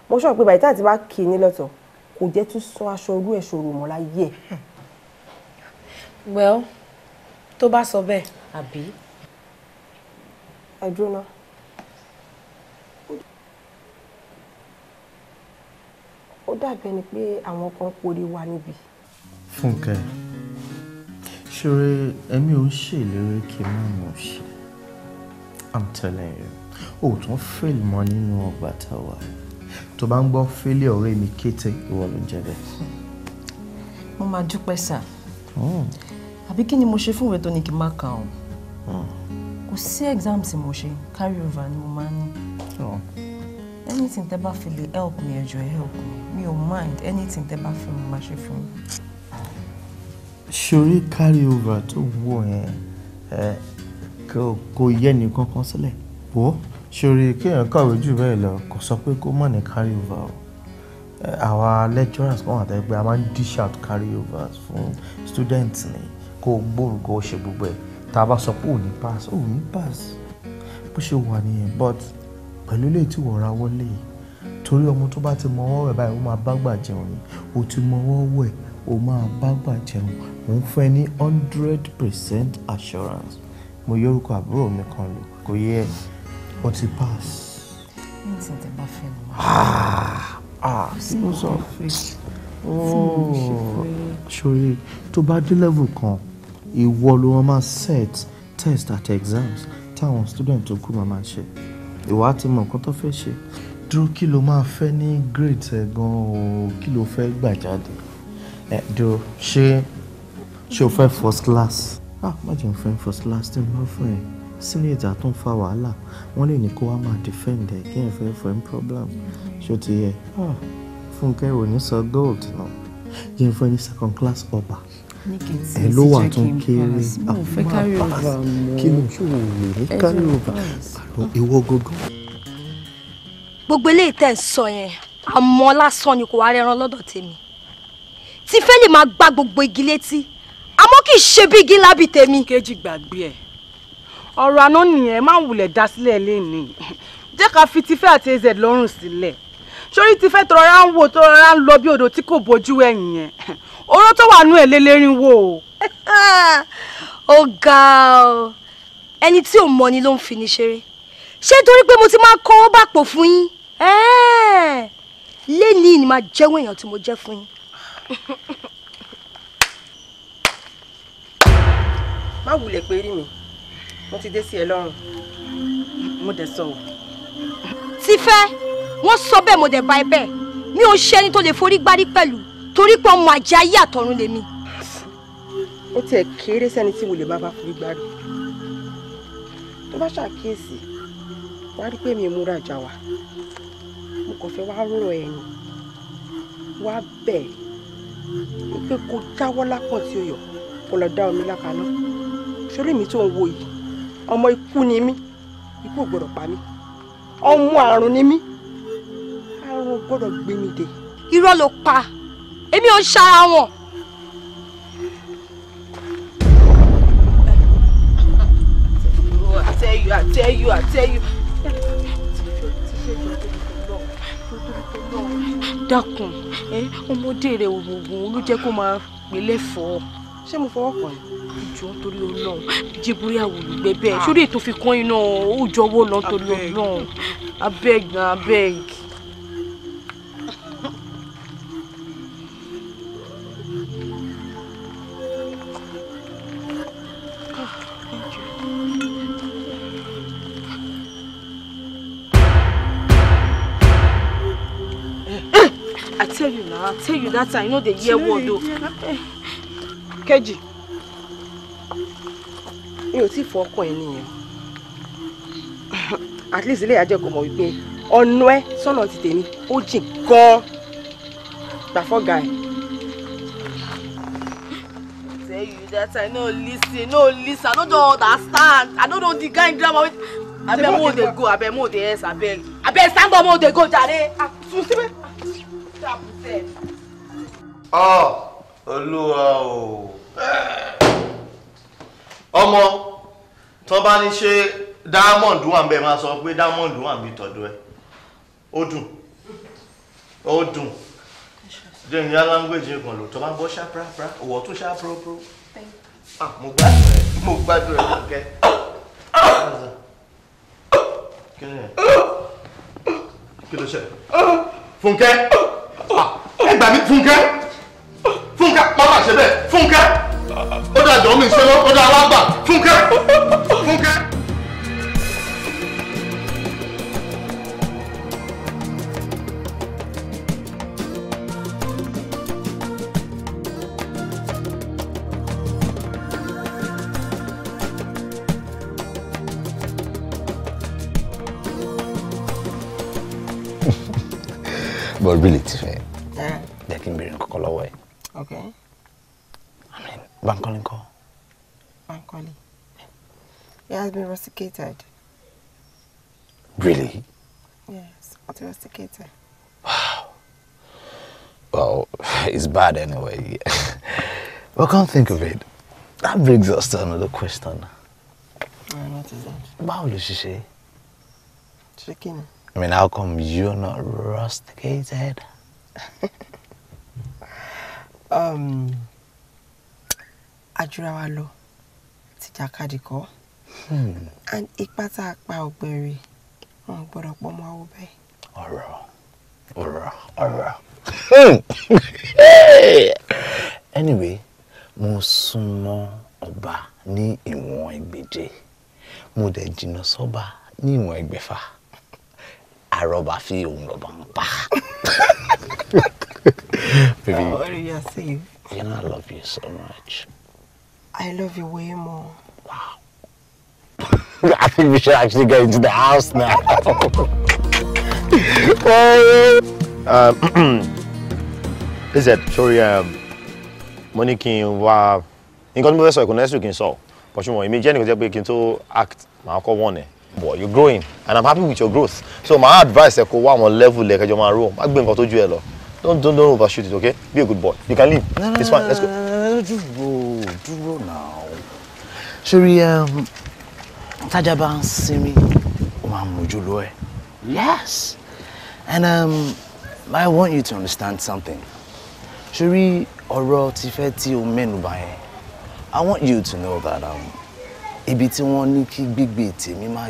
Speaker 1: mo sọ pé báyìí tá bá kí ní lọ́tọ̀ kò jẹ́ tún sún aṣọ orú ẹ̀ ṣòro mọ́ láyé ẹ̀. well tó bá sọ bẹ́ẹ̀ àbí ẹ dúró náà. ó dàbí ẹni pé àwọn kan porí wa níbí.
Speaker 2: fúnkẹ́ ṣeré ẹ̀mí ò ń ṣèlérí kí n má mọ̀ i'm telling you ó tún fail mọ́ nínú ọgbà táwa To bá ń gbọ́ failure ọ̀rẹ́ mi kete
Speaker 4: ìwọ ló jẹ bẹ́ẹ̀.
Speaker 1: mo máa dúpẹ́ sà oh. àbí kí ni mo ṣe fún ìwé tó ní kí n má kà ọ́. Hmm kò sí exam tí mo ṣe carry over ni mo máa ní anything tẹ́ bá fi lè help me ẹjọ ẹ help me mi ò mind anything tẹ́ bá fi mo máa ṣe fún mi.
Speaker 2: ṣorí carry over tó wọ yẹn kò yẹ nìkan kan sílẹ̀ wò ó ṣorí kéèyàn kàwé jù bẹ́ẹ̀ lọ kò sọ pé kó mọ̀ ní carry over o àwa lecturers kan àtẹgbẹ́ a máa ń dish out carry overs fún students ni kó gbòòrò kó ṣe gbogbo ẹ̀ tá a bá sọ pé ò pass ò ní pass bó ṣe wà nìyẹn but pẹ̀lú ilé tí wọ́n ra wọlé yìí torí ọmọ tó bá ti mọ ọwọ́ rẹ̀ báyìí ó máa bá gbà jẹun ni ó ti mọ ọwọ́ ẹ̀ ó máa bá gbà jẹun mò ń ní hundred percent assurance mo yọrùkọ àbúrò mi kan lò kò yẹ ọ ti pass.
Speaker 3: ní ti tẹ bá fẹ́ mi. Ah,
Speaker 2: ah, kí ló sọ fún mi. sori oh, tó bá dé level kan ìwọ ló wọn máa set test àti exams táwọn student tó kù máa máa ṣe ìwọ á ti mọ nǹkan tó fẹ́ ṣe dúró kí ló máa fẹ́ ní grades ẹ̀ gan-an o kí ló fẹ́ gbà jáde ẹ̀ dúró ṣé ṣé o fẹ́ first class ah má jẹun fẹ́ first class tí mo fẹ́ yẹn senator tó ń fa wàhálà wọ́n lè ní kó wá máa defend ẹ̀ kí ẹ̀ fẹ́ fẹ́ problem ṣó ti yẹ ah, fúnkẹ́ ò ní sọ gold náà jẹun fẹ́ ní second class ọba ẹ ló wà tó ń kéré àbá mọ kí ló lè ní carry over ìwọ gangan.
Speaker 1: gbogbo eléyìí tẹ̀ sọ yẹn àmọ́ lásán ni kò wá rẹran lọ́dọ̀ tèmi tí fẹ́lẹ̀ máa gba gbogbo igi létí àmọ́ kì í ṣe bí igi lábì tèmi. kejì gbàgbé ẹ ọ̀rọ̀ àná nìyẹn má wulẹ̀ dá sílẹ̀ lẹ́nìí jẹ́ ká fi tifẹ́ àti az lọ́rùn sílẹ̀ sórí tifẹ́ tọrọ ra ń wò tọrọ ra ń lọ bí odò tí kò bójú ẹ̀yìn yẹn oró tó wà nú ẹ̀ lélẹ́rìn wò ó. ó ga ọ ẹni tí ò mọ ni ló ń fi ni ṣeré ṣé torí pé mo ti máa kọ́ ọ́ bàpò fún yín lẹ́nìí ni máa jẹ́wọ́ èèyàn tí mo jẹ́ fún yín. má wulẹ̀ pé rí mi mo ti dé sí ẹ lọ́rùn mo dẹ̀ sọ ọ́. ti fẹ́ wọ́n sọ bẹ́ẹ̀ mo dẹ̀ bá ẹ bẹ́ẹ̀ mi ò ṣe ẹni tó lè forí gbárí pẹ̀lú torí pé ọmọ àjẹ́ ayé àtọ̀run lèmi. ó tiẹ̀ kéré sẹ́ni tí mo lè bá bá forí gbárí tó bá ṣàkíyèsí wá rí pé mi múra jà wá mo kàn fẹ́ wá rò ẹ̀yìn wá bẹ̀ pé kó jáwọ́ lápọ̀ tí ó yọ kó lọ dá omi lákaná sórí mi tó ń wo yìí ọmọ ikú ni mí ikú ò gbọdọ̀ pa mí ọmọ àrùn ni mí àrùn gbọdọ̀ gbé mi dé. irọ́ ló pa èmi ò ṣara wọn. I tell you, I tell you, I tell you. dákun ọmọdé rẹ òògùn ló jẹ́ kó máa pè lẹ́fọ̀ọ́ ṣé mo fọwọ́ kàn yín. ìjọ torí Ọlọ́run jìbìrì àwòlùgbẹ bẹ́ẹ̀ sórí ètò fi kún iná ó jọ̀wọ́ lọ torí Ọlọ́run abeg na abeg. dat time you no dey hear word o eh. kejì mi ò tí ì fọ at least ilé a kò mọ̀ wípé ọ̀nà ẹ sọ́nà ti tèmi ó jìn gan-an gbà fọ́gà ẹ̀. tell you that i know. listen no listen i don't don understand i don't know the kind drama with. I abeg mo dey go I abeg mo I else I abeg stand up mo dey go jare. àtúnṣe bẹ́ẹ̀
Speaker 2: ọ ah, olúwa o ọmọ tó bá ní ṣe diamond wà ń bẹ máa sọ pé diamond wà ń bí tọ̀dọ̀ ẹ ó dùn ó dùn jẹun ya language kan lò tó bá gbọ́ ṣáprápra òwò tó ṣáprópró ah, mo gbádùn ẹ mo gbádùn ẹ lókè kí ni kí ló ṣe Fúnkẹ́ ah, ẹ gbà mí Fúnkẹ́ fúnkẹ́ mama ṣe bẹ́ẹ̀ fúnkẹ́ ó dà jọ mi ṣọlọ ó dà wá fúnkẹ́ fúnkẹ́.
Speaker 4: but really ti fẹ́ eh? jẹ́ n bèrè nǹkan kan lọ́wọ́ Okay. I mean, Bankole Nko.
Speaker 1: Bankole? He has been rusticated. Really? Yes, rusticated. Wow.
Speaker 4: Well, it's bad anyway. well, can't think of it. That brings us to another question. And what is that? Wow, ló ṣe ṣe? Chicken. I mean, how come you're not rusticated?
Speaker 1: àjùra um, wa lọ tìjàkadì kọ́ hmm. and ipa tá a pa ọ̀gbẹ̀rì wọn gbọ́dọ̀ pọ̀ mọ́ àwọn bẹ́ẹ̀. ọ̀rọ̀
Speaker 4: ọ̀rọ̀ ọ̀rọ̀ hmm. anyway mo súnmọ́ ọba ní ìwọ̀n ẹgbẹ̀je mo dẹ̀ jìnnà sọ́ba ní ìwọ̀n ẹgbẹ̀fà àròbá fi òun lọ́ba ń pa. Baby. Oh, you're safe. You know, I love you so much.
Speaker 1: I love you way more. Wow.
Speaker 4: I think we should actually go into the house now. Oh, um,
Speaker 2: is it sorry um mo ní kí n wá nǹkan tí mo fẹ́ sọ ìkùnà ẹ̀sùn but ṣùgbọ́n èmi jẹ́ nìkan jẹ́ pé kí n act màá kọ́ wọ́n ẹ̀ but you're growing and I'm happy with your growth so my advice ẹ̀ kó wá àwọn level ẹ̀ kẹjọ máa rò má gbé nǹkan tó ju ẹ lọ. Don't, don't, don't overshoot it, okay? Be a good boy. You can leave. No, no, it's fine. No, Let's go. No, no, dúró, dúró now.
Speaker 4: Sorry, um, Tájà bá Yes. And um, I want you to understand something. Shuri ọ̀rọ̀ tí fẹ́ tí I want you to know that um, ibiti tí wọ́n ní kí gbígbé tèmi má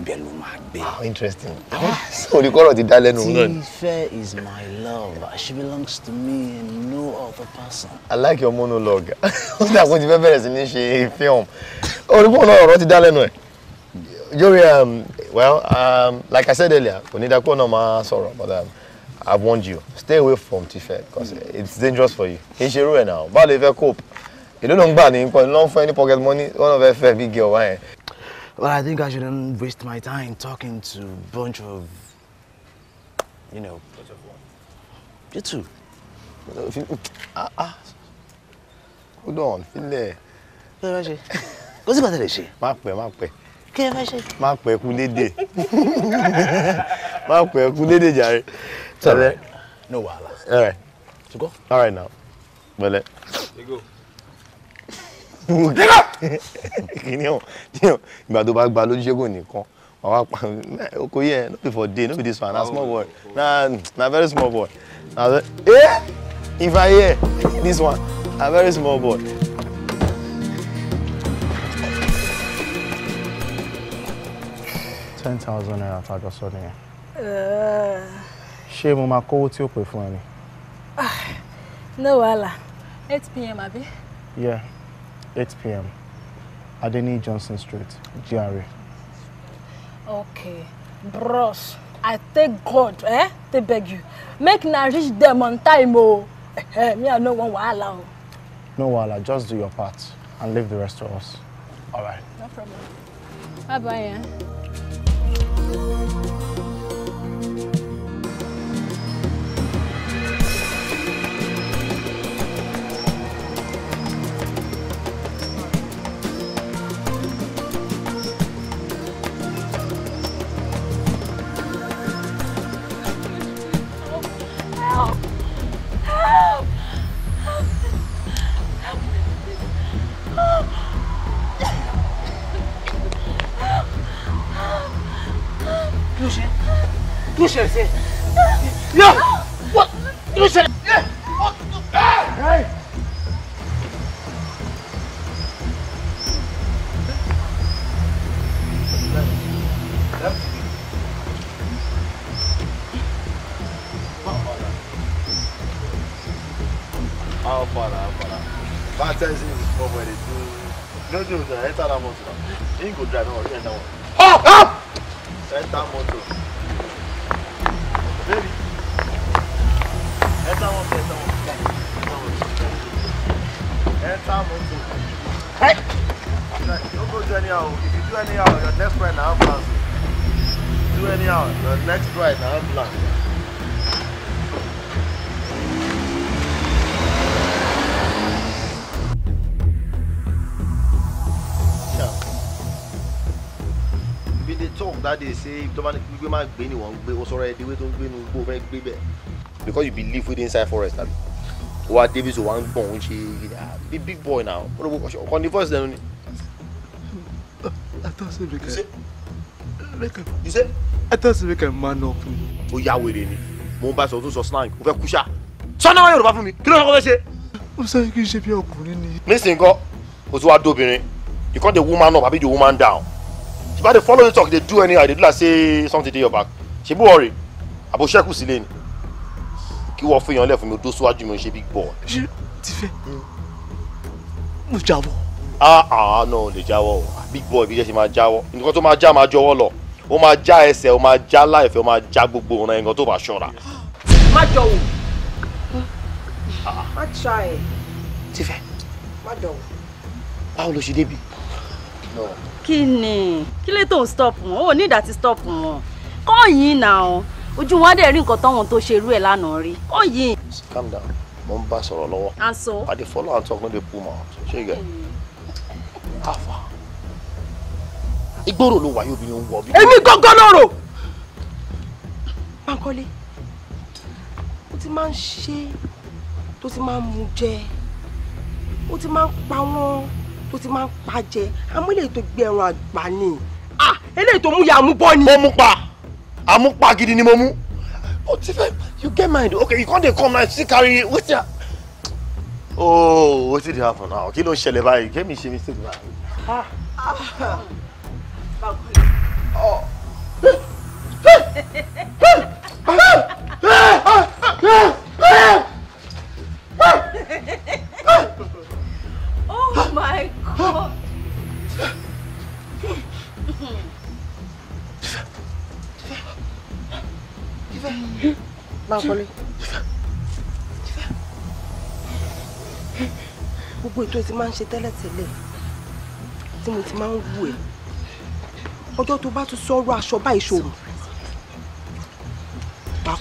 Speaker 4: ibẹ̀ ló máa gbé. how ah, interesting orí kọ́rọ̀ ti dá lẹ́nu náà. tí ìfẹ́ is my love ah, she belongs to me and no other person.
Speaker 2: i like your monologue ó sì dàgbọ́n ti fẹ́ bẹ̀rẹ̀ sí ní ṣe film orí kọ́rọ̀ náà ọ̀rọ̀ ti dá lẹ́nu ẹ̀ yorì um, well um, like i said earlier onídàkọ́ náà máa sọ̀rọ̀ but um, i warned you stay away from tife because mm. it's dangerous for you kì í ṣe irú ẹ̀ náà báwo lè fẹ́ cope èló ló ń gbà ní pọ̀ ló ń fún ẹ ní pocket money one of fẹ́ fẹ́ bí girl. ọ̀wá
Speaker 4: Well, I think I shouldn't waste my time talking to a bunch of, you know. Bunch of what? You too. ah, ah. Hold on, filẹ̀. Kí ló fẹ́ ṣe?
Speaker 2: Kó sì bàtà lè ṣe. Má pẹ́, má pẹ́. Kí ló fẹ́ ṣe? Má pẹ́ kú lédè.
Speaker 4: Má No wahala. All right. To go.
Speaker 2: All right now. Bẹ̀lẹ̀. go kìíní ọ̀ kìíní bá gba lójúṣẹ́gun nìkan wà pa eh, oko yẹ no be for day no be this one na small boy na na very small boy na eh if I hear this one na very small boy. ten thousand naira fàjọ sọ nìyẹn.
Speaker 3: Eh.
Speaker 2: ṣé mo máa kówó tí ó pè fún ẹ ni.
Speaker 1: Ah, no wahala 8 pm Abi.
Speaker 2: yeah. 8 pm Adeni Johnson Street GRA.
Speaker 1: okay bros i thank god eh they beg you make na reach dem on time oh. me i know one wahala o. Oh.
Speaker 2: no wahala just do your part and leave the rest to us. all right. no problem.
Speaker 3: bye bye. Eh?
Speaker 2: Tade say if Dominic gbígbé má gbé ni gbé o sọ̀rọ̀ ẹ̀dínwé tó ń gbé nu gbó fẹ́ gbé bẹ́ẹ̀. because you believe within inside forest tàbí wa davis wa ń gbọ̀n òun ṣe ah, bí big boy now. ọkàn ní voice lẹ́nu ni.
Speaker 4: I thought say make I make I you
Speaker 2: say I thought say make I man up ni. ó yá wèrè ni mo ń bá sọ tó sọ slang mo fẹ́ kú ṣá sọ́nà wọn Yorùbá fún mi kí ló ń kọ́ fẹ́ ṣe.
Speaker 4: ó sọ yìí kì í ṣe bí ọkùnrin ni.
Speaker 2: nísìnyí kọ́ o ti wá dóbìnrin you come dey woman up àbí you woman down if i dey follow you talk dey do anyhow dey do like say something dey your back ṣebí wọ̀rì àbò ṣẹ́kù sílé ni kí wọ́n fi yan lẹ̀ fún mi odó síwájú mi ṣe big boy. ṣé ti
Speaker 4: fẹ́ mo jáwọ́.
Speaker 2: ah ah no lè jáwọ́ o big boy bí jẹ́ ṣe máa jáwọ́ nǹkan tó máa já máa jọwọ́ lọ O máa já ẹsẹ̀ ó máa já láìfẹ́ ó máa já gbogbo ọ̀nà nǹkan tó bá ṣọ́ra. má jọ wò
Speaker 1: ah. má tra ẹ̀. ti fẹ́ má jọ wò. báwo ló ṣe débi kí kí lè tó stop wọn ò ní ìdàtí stop wọn kọ́yìn náà ojú wọn dẹ̀ rí nǹkan táwọn tó ṣe irú ẹ̀ lánàá rí kọ́yìn.
Speaker 2: calm down mo ń bá sọ̀rọ̀ lọ́wọ́ and i dey follow and talk no dey pull mouth ṣé gẹ̀ afa igbóró ló wáyé obìnrin ń wọ bí. èmi gángan lóró.
Speaker 1: Bankole ó ti máa ń ṣe tó ti máa ń mu jẹ ó ti máa ń pa wọ́n tó ti máa ń pàjẹ́ àmọ́ eléyìí tó gbé ẹran àgbà ni ah, eléyìí tó mú ya àmú bọ́ ni. mo mú pa
Speaker 2: àmú pa gidi ni mo mú o ti fẹ you get mind okay you come dey come now still carry wetin i. oh wetin dey happen now kí ló ń ṣẹlẹ̀ báyìí kẹ́mi ṣe mistake na.
Speaker 3: oh my máa
Speaker 1: kọ́lé. gbogbo ètò tí máa ń ṣe tẹ́lẹ̀tẹ́lẹ̀ tí mo ti máa ń wù ẹ́ ọjọ́ tó bá tún sọ̀rọ̀ aṣọ báyìí ṣòro
Speaker 4: bá